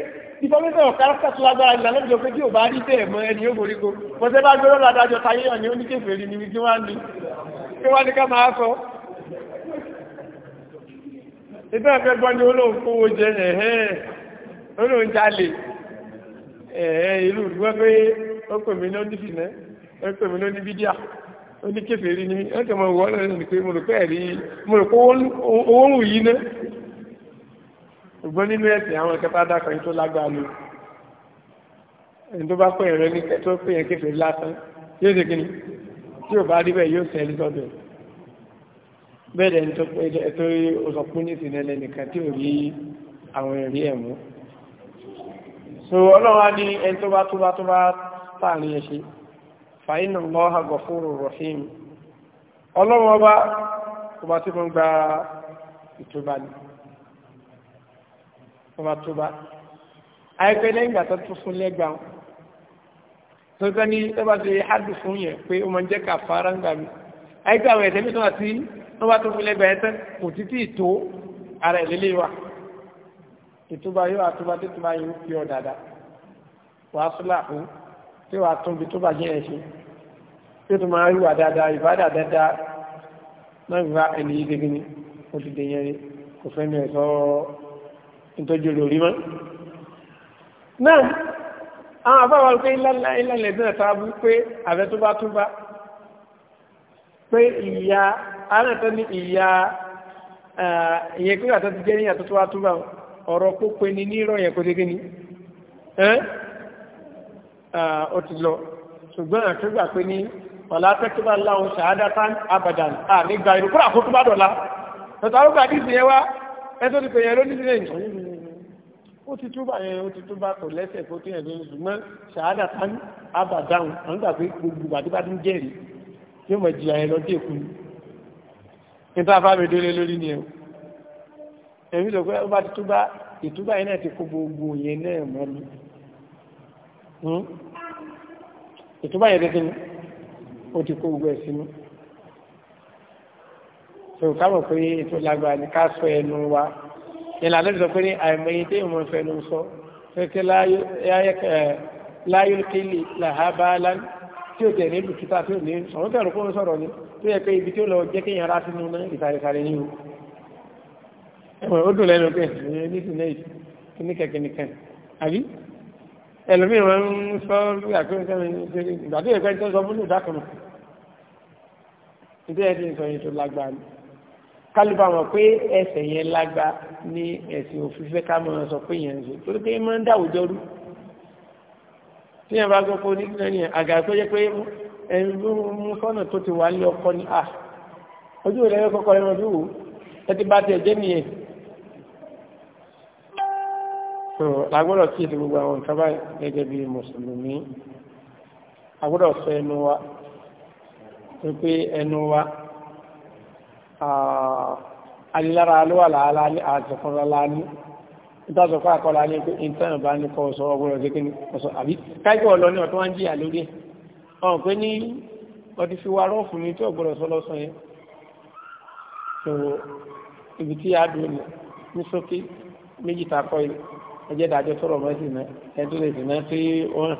defamation of character tó lágbára lílé lọ́jọ́ pé tí ò bá rí bẹ́ẹ̀ mọ ẹni yóò goríko wọ́n tẹ́ bá gbé lọ́dọ̀ adájọ́ tayé ọ̀ní oníkẹ́fẹ́ rí ni mí kí wọ́n á ní kí wọ́n á ní ká máa sọ ìtọ́ àfẹ́gbọ́n ni olóhùn kówó jẹ ẹ̀hẹ́n olóhùn jalè ẹ̀hẹ́n ìlú wọ́n pé ó pè mí lọ́dún fìnnẹ́ ó pè mí lọ́dún bídíà ó ní kèfèrí ni ó kẹ́ mọ wọ́n lọ́dún ní pé mo rò pé ẹ̀rí mo rò pé owó wù yí ná ṣùgbọ́n nínú ẹ̀sìn àwọn ìkẹta dákan tó lágbára lò ẹni tó bá pè ẹ̀rọ ní tó pè yẹn kèfèrí lásán yóò ṣe kíni tí ò bá rí bẹ́ẹ̀ yóò sẹ́ni sọ́dọ̀ ẹ̀ bẹ́ẹ̀ ni tó pé ẹ̀tọ́rí òsọ̀pún ní ìsìnlẹ̀ nìkan tí ò rí àwọn ẹ̀rí ẹ̀mú so ọlọ́wà ní ẹni tó bá tó bá tó bá táàrin ẹ̀ṣe fàínà lọ́ha gọ̀fúrò rọ̀hìm ọlọ́wọ́ bá tó bá tí mo gba ìtúbà ní tó bá tó bá àìpẹ́ lẹ́yìn wọ́n bá tó filẹ̀ bẹ̀ẹ́ tẹ́ kò tí tí tó ara ìlélẹ̀ wa ìtúbà yóò àtúbà tó túbà yóò fi ọ̀ dáadáa wàá súnlá fún tí wàá tún bí tó bá jẹ́ ẹ̀ṣin tí ó tún máa wíwà dáadáa ìbádà dáadáa náà wíwá ẹni yìí gẹ́gẹ́ ni ó ti dè yẹn kò fẹ́ mi ẹ̀sọ́ ìtọ́jú lórí mọ́. náà àwọn àbáwá pé ìlànà ìdílé náà ta bú pé àbẹ bá tún bá pé ìyá àárẹ̀ tó ní ìyá ìyẹn pé àtọ́ ti jẹ́ ní àtọ́tọ́ wá ọ̀rọ̀ pópe ni nírọ̀ yẹn kó dégé ni ó ti lọ ṣùgbọ́n àtúgbà pé ní ọ̀lá tẹ́kíbà láwọn ṣàádátán abadan àmìgbà ìlú kúrò àkókò bá dọ̀la tọ́tà ó gbà dìsì yẹn wá ẹjọ́ ti pè yẹn ló nídìí lẹ́yìn ó ti túbà yẹn ó ti túbà kò lẹ́sẹ̀ kó tó yẹn lóyún ṣùgbọ́n ṣàádátán abadan àwọn nítorí afáàmì délé lórí ni o èmi sọ pé ó bá ti túbá ìtúbá yẹn náà ti kó gbogbo yẹn náà mọ́nu hmm? ìtúbá yẹn tẹ́tẹ́ ni ó ti kó gbogbo ẹ̀ sínú sọ̀rọ̀ ká mọ̀ pé ètò lágbára ni ká sọ ẹnu wa ìlànà lẹ́bi sọ pé ní àìmọye tí ìmọ̀ ìfẹ́ ló ń sọ fẹ́kẹ́ láyé kéèlì làhábàálá tí ó jẹ̀ ní lùkítà tí ó ní sọ̀rọ̀ tẹ̀rù kó ń sọ̀rọ̀ ni tó yẹ pé ibi tí ó lọ jẹ́ kéèyàn rá sínú náà ìsàrẹ̀sàrẹ̀ ní o ẹ̀wọ̀n ó dùn lẹ́nu pé ẹ̀yẹ ní sinẹ́ kìnnìkẹ̀kìnnìkẹ̀ àbí ẹlòmíì wọn ń sọ lórí àpéjọ ìgbà tó yẹ pé tó sọ fún lùdá kan nítorí ẹ̀ ti ń sọ yẹn tó lágbára ni kálíbà mọ̀ pé ẹsẹ̀ yẹn lágbá ní ẹ̀sìn òfífẹ́ ká mọ̀ sọ pé yẹn ṣe torí pé máa ń dáwùjọ rú tí yẹn bá gbọ́ pé onígbìnrin yẹn àgà yẹ pé ẹ̀yìn ló mú sọ́nà tó ti wà ní ọkọ ni à ah, ojú rẹ̀ yẹ kọ́kọ́ ẹran bí wò ẹ bá tiẹ̀ jẹ́ nìyẹn. so agbọ́dọ̀ kí ètò gbogbo àwọn nǹkan báyìí gẹ́gẹ́ bí mùsùlùmí agbọ́dọ̀ sọ ẹnu wa pé ẹnu wa alilára ah, ló wà láàlá ní àtọ̀kọ́lá láàlú ìtàzọ̀kọ́ àkọlá ní pé ìtàn ìbánikọ́ sọ ọgbọ́dọ̀ gẹ́gẹ́ ní ọ̀sọ̀ àbí káyọ̀ lọ àwọn pé ní ọtí fi wá rọ́ọ̀fù ní tí ọ̀gbọ́dọ̀ sọ lọ́sàn yẹn so ibi tí a dùn ní sókè méjì tá a kọ́ yìí ẹjẹ́ ìdájọ́ tọrọ mọ́ sí náà ẹni tó lè sì náà tí ó hàn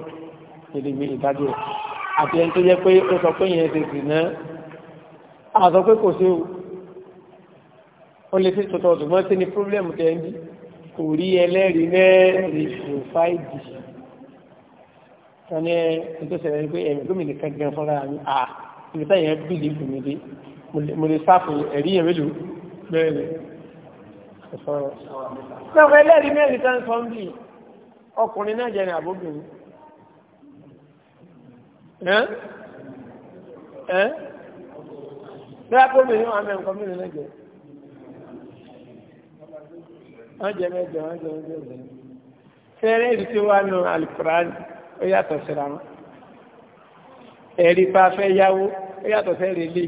nídìí ìdájọ́ rẹ̀ àti ẹni tó jẹ́ pé ó sọ pé yẹn ti sì náà a sọ pé kò sí o ó lè fi tọ̀tọ̀ ṣùgbọ́n tí ni pírọ́blẹ́mù tẹ́ ń bí kò rí ẹlẹ́rìí mẹ́rin kò fáìdì wọn ní ẹjọ́ sẹ̀rẹ̀ pé ẹ̀mí gómìnà kan gan fọ́nra mi à ibi táyà yẹn bí lìfù mi dé mo lè sáfù ẹ̀rí yẹn mélòó bẹ́ẹ̀ ni. náà wọ́n ẹlẹ́rìí mẹ́rin tán sọ ń bì ọkùnrin náà jẹ́ ní a kó mi ní wọn mẹ́rin kan mí lè jẹ́ wọ́n jẹ́ mẹ́jọ wọ́n jẹ́ mẹ́jọ fẹ́rẹ́ ìdí tí wọ́n ó yàtọ̀ síra wọn ẹ̀rí pa fẹ́ yáwó ó yàtọ̀ sẹ́rẹ̀ ilé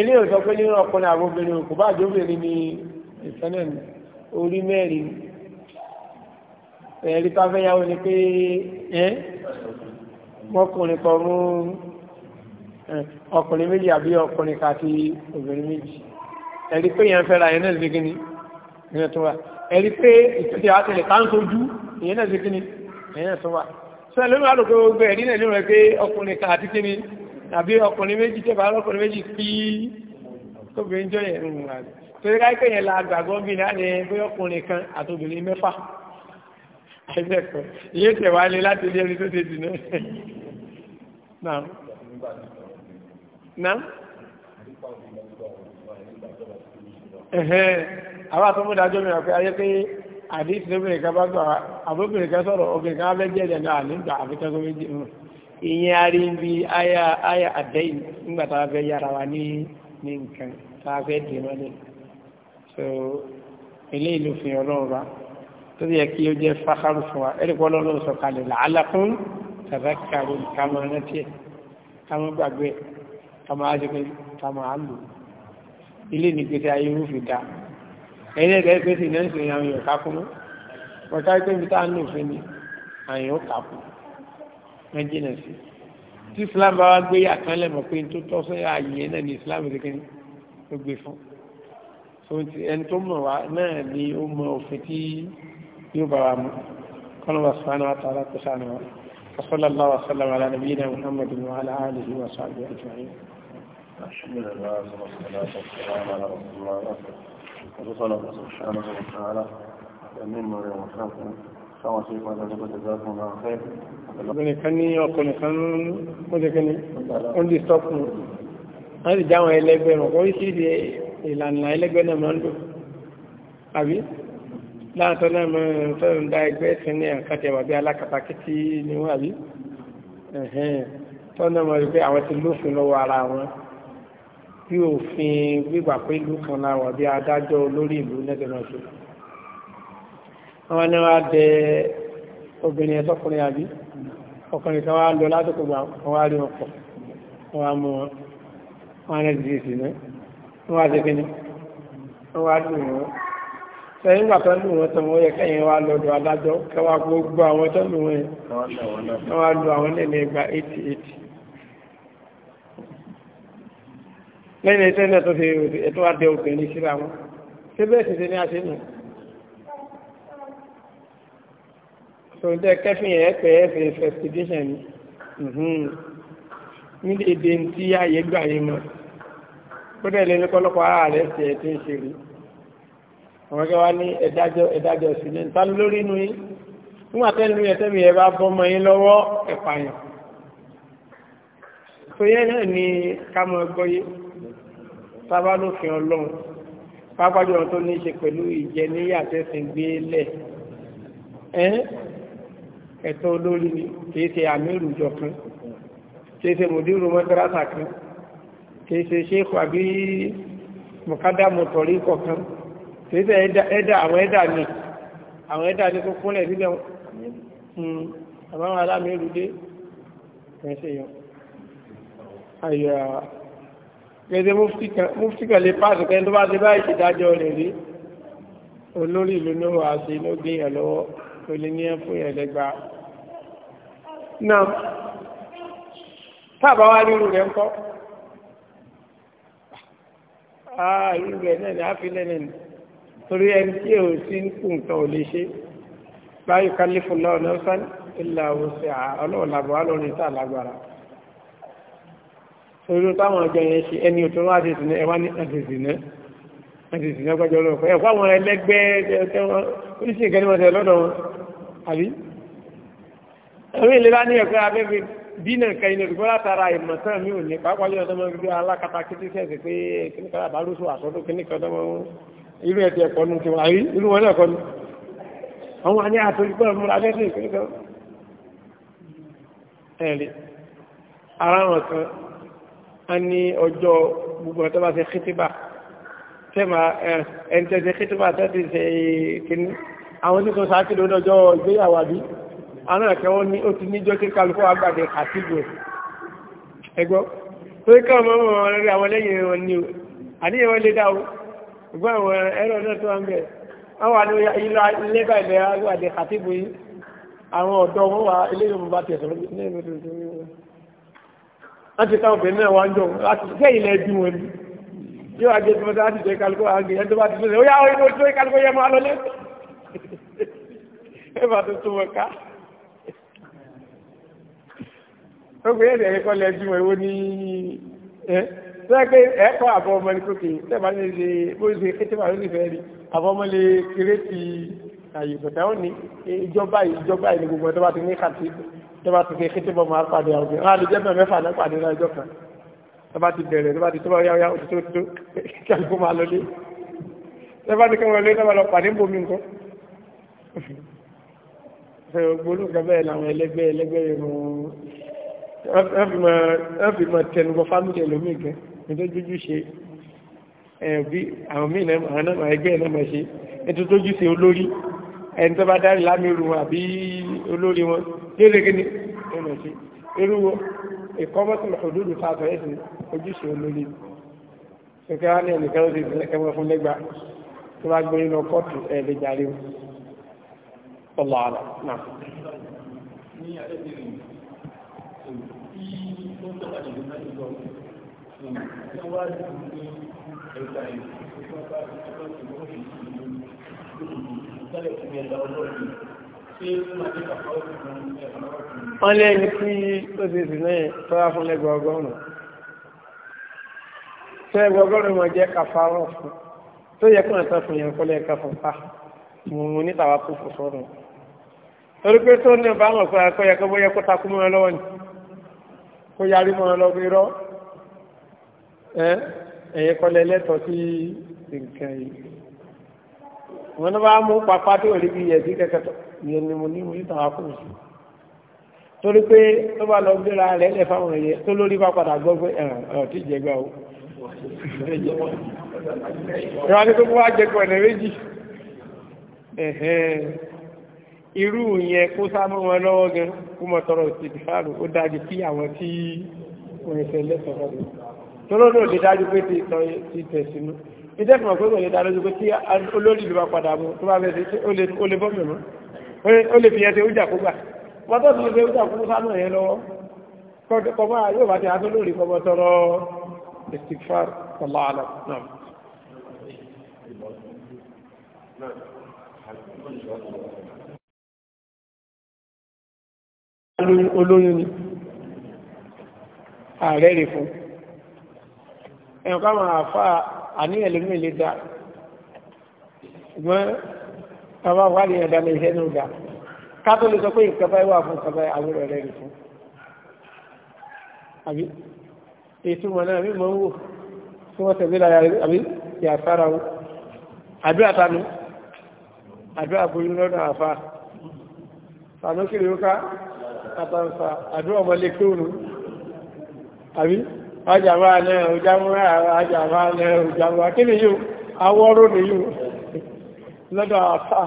ilé ò sọ pé nínú ọkùnrin àwọn obìnrin kò bá jóbìnrin ní ìsẹ́nà ní orí mẹ́rin ẹ̀rí pa fẹ́ yáwó ni pé ẹ́ mọ́kùnrin ọkùnrin méjì àbí ọkùnrin kàti obìnrin méjì ẹ̀rí pé yẹn fẹ́ra yẹn náà zikini ìyẹn tó wà ẹ̀rí pé ìtúndì àtẹlẹ̀ ká ń ìyẹn náà zikini ìyẹn tó wà sẹ́lẹ̀ máa lòkè gbogbo ẹ̀rí náà nínú rẹ̀ pé ọkùnrin kan àti kíni àbí ọkùnrin méjì tẹ́fà ọlọ́kùnrin méjì pí tóbìnrin jọ yẹn nù wà torí ká ìkẹyìn la gbàgbọ́ bí náà ni pé ọkùnrin kan àti obìnrin mẹ́fà ẹgbẹ́kọ̀ iye tẹ̀ wá lé láti ilé ẹni tó ti dì náà. àwọn àtúmọ̀dájọ́ mi rà pé ayé pé àdíṣì lóbìnrin kan bá gbà àbóbìnrin kan sọ̀rọ̀ obìnrin kan abẹ́jẹ́ ẹ̀jẹ̀ náà nígbà àfikẹ́kọ́ méjì ìyẹn arí ń bi aya aya nígbà tá a fẹ́ yára wa ní ní nǹkan tá a fẹ́ dè mọ́lẹ̀ so ilé ìlú fi ọlọ́run wa tó yẹ kí ó jẹ́ fákàrù fún wa ẹ̀rí pọ́ lọ́run sọ làálà fún tàbákàrù kàmọ́ rántí kàmọ́ gbàgbé kàmọ́ àjẹkẹ́ kàmọ́ àlù ilé ayé dáa ẹ̀yìn ẹ̀dẹ̀ pé sì náà ń sèyàn àwọn èèyàn kákún mọ́ ọ̀tá pé mi tá à ń lò fún mi àwọn èèyàn kákún ẹ̀ jìnà sí tí Islam bá wá gbé yàtọ̀ lẹ́mọ̀ pé tó tọ́ sí ààyè náà ní Islam kékeré ló gbé fún ẹni tó mọ̀ wá náà ni ó mọ òfin tí yóò bá wa mú kọ́nà subhanahu wa ta'ala kó sànù wa. وصلى الله وسلم على نبينا محمد وعلى اله وصحبه اجمعين. الحمد لله والصلاه والسلام على رسول الله وصلى الله سبحانه وتعالى من مرة وصلكم سواء شيء ما تجب جزاكم الله خير obìnrin kan ní ọkùnrin kan lóde kan ní oúnjẹ stọọkù wọn ti dáwọn ẹlẹgbẹ́ rẹ oríṣiríṣi ìlànà ẹlẹgbẹ́ náà máa ń lò àbí láàtọ náà máa ń fẹ́ ń da ẹgbẹ́ ẹsìn ní àkàtẹ wàbí alákatakítí ni wọn àbí bí òfin gbígbà pé kan láwọ̀ bí adájọ́ olórí ìlú nẹ́gbẹ̀ránṣe wọ́n ní wá dẹ obìnrin ẹ̀tọ́kùnrin àbí ọkùnrin kan wá lọ látòkò gbà wọ́n wá rí ọkọ̀ wọ́n wá mú wọn wọ́n rẹ̀ dìde sí wọ́n wá dẹ́gbẹ́ ní wọ́n wá dùn wọn sẹ́yìn ìgbà tó lù wọn tán wọ́n yẹ kẹ́yìn wá lọ́dọ̀ adájọ́ kẹwàá gbogbo àwọn tó lù wọn yẹn wọ́n wá lù àwọn lẹ́yìn ẹ̀tọ́ ilẹ̀ tó fi ẹ̀tọ́ wá dẹ obìnrin síra wọn ṣé bẹ́ẹ̀ sì ṣe ní àṣẹ nù. sọ̀rọ̀dẹ́ kẹ́fìn ẹ̀ pẹ́ ẹ̀ fi investigation ní èdè tí ààyè gbà yé mọ́ ó dẹ̀ lé ní kọ́lọ́kọ́ ara rẹ̀ ṣe ẹ̀ tí ń ṣe rí àwọn ẹgbẹ́ wa ní ẹ̀dájọ́ ẹ̀dájọ́ sí ní ta lórí inú yín nígbà tẹ́lẹ̀ ní ẹ̀tẹ́mi ẹ̀ bá bọ́mọ yín lọ́wọ́ ẹ̀pààyàn. sọ yẹn náà ni ká mọ ẹgbọ́ yìí sábà lófin ọlọ́run pápájọ ọ̀rọ̀ tó ní í ṣe pẹ̀lú ìjẹníyà tẹ́sìn gbé lẹ̀ ẹ́ ẹ̀tọ́ olórí ni kìí ṣe àmìrù ìjọ kan kìí ṣe mùdírù mọ́tírásà kan kìí ṣe ṣéèkù àbí mọ̀kádàmù tọ̀rí kọ̀kan kìí ṣe ẹ̀dà àwọn ẹ̀dà ni àwọn ẹ̀dà ni tó kúnlẹ̀ sílẹ̀ hmm, àbáwọn alámìrù dé kìí ṣe yọ gbèsè mufti kan lè pàṣẹ kẹ́ni tó bá ti bá ìṣèdájọ́ rẹ̀ rí olórí ìlú ló wà sí ló gbé yàn lọ́wọ́ tó lè ní ẹ̀ fún yàn lẹ́gbàá. náà tábà wá rírù rẹ̀ ń kọ́ àà ah, rírù rẹ̀ náà ní àfilẹ̀ nìyí torí ẹni tí ò sí ń kú nǹkan ò lè ṣe la yukallifu Allahu nafsan illa wus'aha ọlọ́ọ̀làbọ̀ wà lórí tá a lágbára sórí táwọn ọjọ́ yẹn ṣe ẹni tó wá ti sìnà ẹwà ní àdìsìnà àdìsìnà gbọ́jọ́ lọ́pọ̀ ẹ̀kọ́ àwọn ẹlẹ́gbẹ́ oníṣẹ́ ìkẹ́ni wọn tẹ̀ lọ́dọ̀ wọn àbí ẹ̀rí ìlera ní ẹ̀kọ́ abẹ́fẹ́ dínà kẹyìn olùkọ́ látara ìmọ̀sán mi ò ní pàápàá yóò tọ́mọ gbígbé alákatá kété sẹ́ẹ̀sì pé kíníkà àbálòsọ àtọ́dún kíníkà tọ́mọ irú ẹ̀ ti ẹ̀kọ́ nu ti wà rí irú wọn náà kọ́ nu ani ní ọjọ́ gbogbo ẹ̀ tó bá ṣe kìtìbà tẹ́mà ẹ̀ǹtẹ̀ṣe kìtìbà tẹ́tì ṣe kìíní àwọn tí kò sáàkìlì ọjọ́ ìgbéyàwó àbí àwọn ẹ̀kẹ́wọ́ ní ó ti níjọ́ kí kálukú àgbàdẹ àtìgbò ẹgbọ́ ni o àníyàn wọn lé dá o gbọ́ àwọn ẹ̀rọ náà tó wà ń bẹ̀ wọ́n wà ní ilé ilé bàbá àgbàdẹ àtìgbò yìí àwọn ọ̀dọ́ wọn wà ilé Yorùbá tẹ̀sán wọ́n ti káwọn obìnrin náà wá ń jọ láti fẹ́ ilẹ̀ ẹbí wọn ni yóò wá jẹ́ tí wọ́n ti láti jẹ́ kálukọ́ àgbè ẹni tó bá ti lọ́sẹ̀ ó yá ọ inú ojú kálukọ́ yẹ máa lọ lẹ́sẹ̀ [laughs] ẹ bá tuntun wọn ká ó gbé ẹ̀rẹ̀ ẹ̀kọ́ lẹ́bí wọn ìwọ ní ẹ́ sẹ́gbẹ́ ẹ̀kọ́ àbọ̀ ọmọ ní kókè tẹ́bà ní ṣe bó ṣe kété wà lónìí fẹ́ẹ́ rí àbọ̀ ọmọ lè kéré ti àyè ìjọba ìjọba ìlú gbogbo ẹ̀ tó bá ti ní kàtíkù tó bá ti fi kété bọ́ máa pàdé àwọn obìnrin àlè jẹ́ bẹ̀rẹ̀ mẹ́fà náà pàdé náà ìjọ kan tó bá ti bẹ̀rẹ̀ tó bá ti tó bá yáwó yáwó tó tó kálukú máa lọlé tó bá ti kẹwọn lé náà lọ pàdé ń bomi nǹkan. ṣe gbólú nǹkan bẹ́ẹ̀ làwọn ẹlẹ́gbẹ́ ẹlẹ́gbẹ́ irun wọ́n fi mọ tẹnubọ fámìlì ẹlòmíì gan nítorójú ṣe ẹbí àwọn míì náà àwọn náà ẹgbẹ́ náà máa ṣe nítorójú ṣe olórí ẹni tó dárí lámìrú àbí olórí wọn lédè gini nínú sí irú ìkọ́mọ́sí lọ́dúdú fàtọ ẹ̀sìn ojúṣe olórí nǹkan á ní ẹnìkan ó ti ìpínlẹ̀ kẹwọ́ fún lẹ́gbà tó bá gbé nínú kóòtù ẹ̀ lè jàre o àlọ náà. ní wọ́n lé ẹni tí ó ti sì náà tọ́ra fún lẹ́gbẹ̀ ọgọ́rùn-ún tó ẹgbẹ̀ ọgọ́rùn-ún mọ̀ jẹ́ kàfàárọ̀ fún tó yẹ kí wọ́n tán fún yẹn kọ́lẹ̀ kàfà pa mùmù ní tàwa kó fò sọ́run torí pé tó ní ọba àwọn ọ̀pọ̀ ẹ̀kọ́ yẹ kó bóyá kó takú mọ́ lọ́wọ́ ni kó yarí mọ́ lọ́wọ́ irọ́ ẹ̀yẹ kọ́lẹ̀ lẹ́tọ̀ọ́ sí nǹkan yìí wọn ní bá mú papá tó rí bí yẹ̀dí kẹ́kẹ́ tó yẹn ni mo ní mo yíta wá kùn sí torí pé tó bá lọ gbéra rẹ̀ lẹ̀ fáwọn ẹ̀yẹ tó lórí bá padà gbọ́ pé ẹ̀ràn ọ̀rọ̀ tí jẹgbà o ìwà ni gbogbo wa jẹgbà ọ̀nà méjì irú yẹn kó sámọ́ wọn lọ́wọ́ gan kó mọ̀ tọrọ òsèlú fáàrù ó dájú kí àwọn tí òyìnbó lẹ́sọ̀rọ̀ lọ́dọ̀ tó lọ́dọ̀ lè dájú pé ti tẹ̀sínú ìdẹ́kùn ọ̀pẹ́ kò lè dá lójú pé kí olórí ìlú bá padà mú tó bá fẹ́ ṣe ó lè bọ́ mẹ́mọ́ ó lè fi ẹsẹ̀ ó jàkúgbà pọ́tọ́ tó lè fi ó jàkúgbà sánú ẹ̀yẹ lọ́wọ́ kọ́mọ́ yóò bá ti hàn lórí kọ́mọ́ tọrọ istikfar Allah ala náà. olóyún ni ààrẹ rè fún ẹ̀yàn ká máa fà àníyàn lómi lè dá ṣùgbọ́n bàbá wà ní ẹ̀dá lè ṣẹ́ ní ọ̀dà kátó lè sọ pé ìkẹfà wà fún ìkẹfà àwọn ọ̀rẹ́ rẹ̀ fún àbí ìtumọ̀ náà mi mọ̀ ń wò tí wọ́n tẹ̀lé lára àbí ìyàsára wọn àbí àtànú àbí àbúrú lọ́nà àfà sànúkìrì ó ká àtàǹfà àbí ọmọlẹ́kẹ́ òun àbí ajàmá náà òjàmúra ajàmá náà òjàmúra kí ni yóò awọ́rò ni yóò lọ́dọ̀ àfà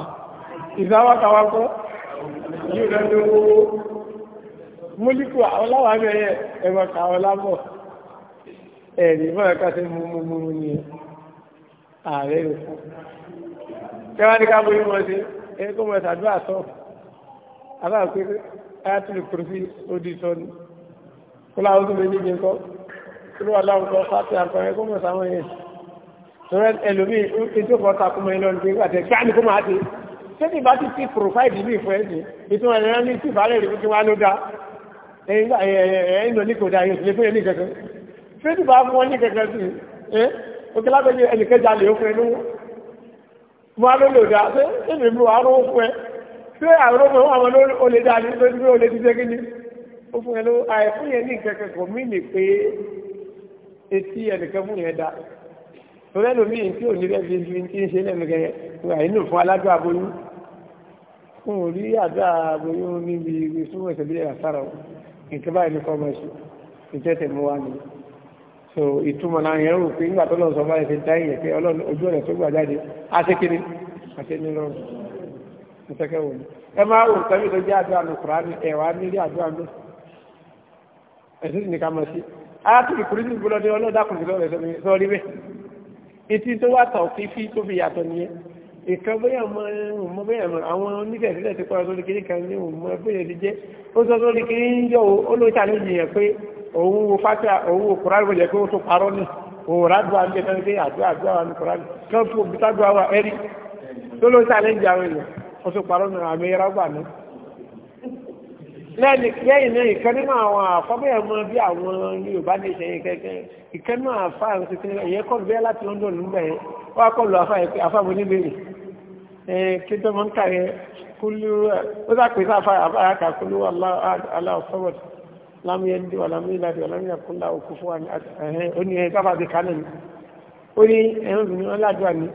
ìsáwákàwá kọ́ yóò lọ́dọ̀ owó múlíkù ọláwà bẹ̀rẹ̀ ẹ̀mọ̀ kàwọ́ lábọ̀ ẹ̀rí bọ́ẹ̀ kásẹ̀ mú mú mú ní ààrẹ rẹ̀ tẹ́wàá ní káàbọ̀ yìí wọ́n sí ẹni kó mọ̀ ṣàdúrà sọ aláàpẹ́ ayatollah kùrùsí odi sọ ni kó láwọn tó kíló wà láwùjọ fáti àkọrin kó mọ̀ sáwọn yẹn torí ẹlòmíì ètò kan takò mọ́ iná nígbà tẹ gbá ní kó máa ti sẹ́ni bá ti ti pòròfáìdì ní ìfọ̀ ẹ̀sìn ìtumọ̀ ẹ̀rọ ní ti ìbálẹ̀ rẹ̀ fún wa ló dá ẹ̀yìn lọ ní kò dá yóò lè fún yẹn ní kẹ̀kẹ́ sẹ́ni bá fún wọn ní kẹ̀kẹ́ sí ẹ́ òkè lábẹ́lẹ́ ẹnìkẹ́jà lè ni ó kò mí nì pé etí ẹnìkan fún yẹn da torí ẹlòmíì tí ò ní bẹ́ẹ̀ fi fi ti ń ṣe lẹ́nu gẹ́gẹ́ àìní fún aládùn aboyún fún orí àdá aboyún níbi ìsúnmọ̀ ìṣẹ̀lẹ̀ àsára nǹkan báyìí ní fọmọ ẹ̀ṣù ìtẹ́tẹ̀ mú wa ni so ìtumọ̀ náà yẹn rò pé nígbà tó lọ́n sọ báyìí ṣe dá ìyẹn pé ọlọ́run ojú ọ̀nà tó gbà jáde á ṣe kiri àti ẹni lọ́rùn ìtẹ́kẹ́ wò ni ẹ máa wò tẹ́lẹ̀ tó jẹ́ àdúrà ní áàtùrù kùrìsì gbọ́dọ̀ ní ọlọ́dàkùnrin lọ́rẹ̀ sọ rí bẹ́ẹ̀ etí tó wà tàn fífí tó fi yàtọ̀ nìyẹn ìkan bóyá mọ ẹ̀hún mọ bóyá mọ àwọn oníkẹ̀sílẹ̀ ti kọ́ra sórí kiri kan ní òun mọ bóyá ti jẹ́ ó sọ sórí kiri ń yọ olóòtú àlejò yẹn pé òun wo fásiá òun wo kura ló pé ó tó parọ́ ní òòrà dùn àmì ẹ̀ka lẹ́ni lẹ́yìn náà ìkan nínú àwọn àfọ́bẹ̀rẹ̀ mọ́ bí àwọn Yorùbá ní ìṣẹ̀yìn kẹ́kẹ́ ìkan nínú àfá àwọn tuntun ìyẹn kọ́ bẹ́ẹ̀ láti London nígbà yẹn wọ́n á kọ́ lu àfá yẹn pé àfá mo níbèrè kí tó mọ́ ń kà yẹn kúlú ó sá pèsè àfá àfá yà aláwọ̀ sọ́wọ́d lámúyẹ́ndì ni ó ní ẹ̀rùn mi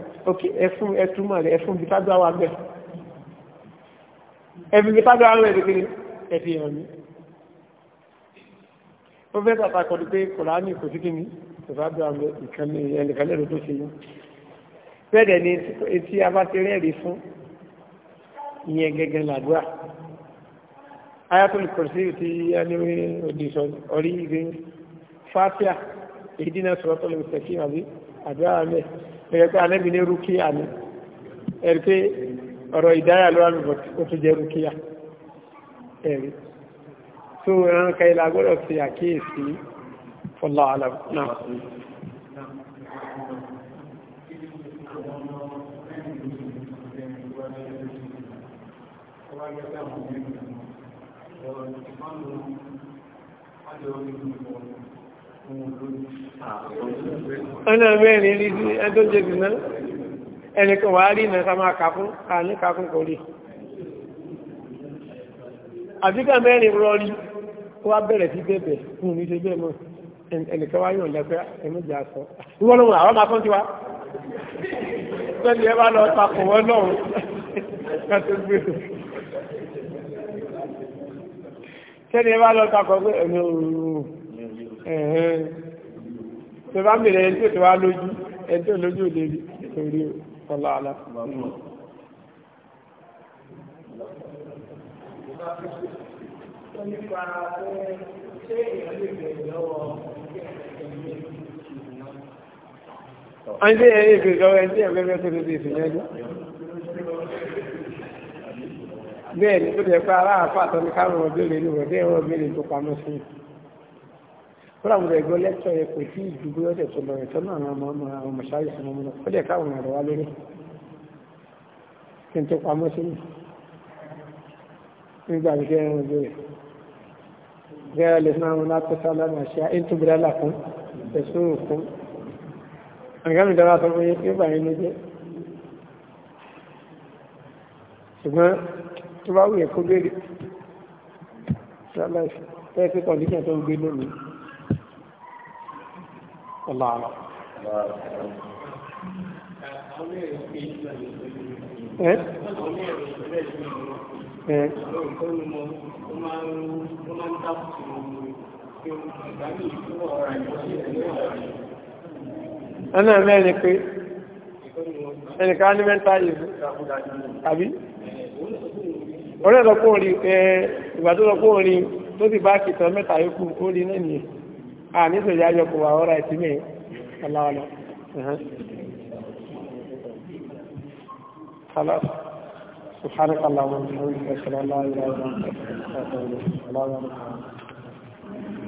ni ẹ̀fún ẹ̀túmọ̀ rẹ̀ ẹ̀fún bí tágbà wà bẹ̀ ẹ̀fún bí tágbà wà bẹ̀ ẹ̀fì hàn mí ó fẹ́ tàtà kọlu pé kòránì kò sí kíni ìfàdù àmì ìkànnì ẹnìkanlẹ́rù tó ṣe yí bẹ́ẹ̀dẹ̀ ni etí a bá ti rẹ́ẹ̀rí fún ìyẹn gẹ́gẹ́ làdúrà ayatul kursi ti ẹni òdì orí ìgbé fáfíà ìdínà sọ̀rọ̀tọ̀ lè sẹ̀kí àbí àdúrà àmì ẹ̀rẹ́ pé alẹ́bí ní rúkìá ni ẹ̀rí pé ọ̀rọ̀ ìdáyà ló wà lóbọ̀ tó jẹ́ rúkìá ẹ̀rí tó ẹran kẹla gbọ́dọ̀ fi àkíyèsí fọ́lá alam náà ẹnà mẹ́rin rí sí ẹjọ́ jẹ́ jù náà ẹnìkan wà á rí ìnà ká máa kà fún kò rí àbíkà mẹ́rin rọrí ó wá bẹ̀rẹ̀ sí bẹ̀bẹ̀ fún mi ṣe bẹ́ẹ̀ mọ́ ẹnìkan wá yàn lẹ́pẹ́ ẹ̀mẹ́jà sọ wọ́n lóhun àwọn máa fọ́n ti wá sẹ́ni ẹ bá lọ takò wọ́n lọ́hùn ká tó gbé sẹ́ni ẹ bá lọ takò pé ẹ̀mí òòrùn ẹ̀hẹ́n tó bá mìíràn ẹni tó ti wá lójú ẹni tó lójú òde rí torí ọlọ́ọ̀lá. tó nípa pé ṣé èèyàn lè bẹ̀rẹ̀ lọ́wọ́ Àìsí ẹ̀yẹ́ ìgbègbè ẹ̀sí ẹ̀gbẹ́gbẹ́ tó ti ìsìnyẹ́jú. Bẹ́ẹ̀ ni tó jẹ́ pé aláàfà tó ní káàrùn ọgbẹ́lẹ̀ ní ọ̀dẹ́ ẹ̀wọ̀n ọgbẹ́lẹ̀ tó pamọ́ sí. Fúlàmùdẹ̀ ẹ̀gbọ́n lẹ́tọ̀ ẹ̀ kò tí ìdúgbò ọ̀tẹ̀ tó lọ ẹ̀tọ́ náà àwọn mọ̀ṣáyìí nígbà gẹ́gẹ́ ẹran ojú rẹ̀ gẹ́gẹ́ lè máa wọn látọ́sá lánàá ṣe ìtúbìlálà fún ẹ̀sùn òkun àgbàmì dára sọ fún yípa yín lójẹ́ ṣùgbọ́n tó bá wù yẹn kó béèrè ṣáláṣì bẹ́ẹ̀ pé kọ̀ǹdíṣàn tó ń gbé lónìí ọ̀làlọ́. Ẹ́ Eh. ẹ̀nà mẹ́rin pé ẹnìkan ní mẹ́ta ìlú àbí orílẹ̀-èdè kó rí eh, ìgbà tó ti bá kìtàn mẹ́ta yóò kó náà nìyẹn a ní ìsòjá kò wà ọ́rà ìtìmẹ̀ aláwọ̀lá سبحانك اللهم وبحمدك اشهد ان لا اله الا انت استغفرك واتوب اليك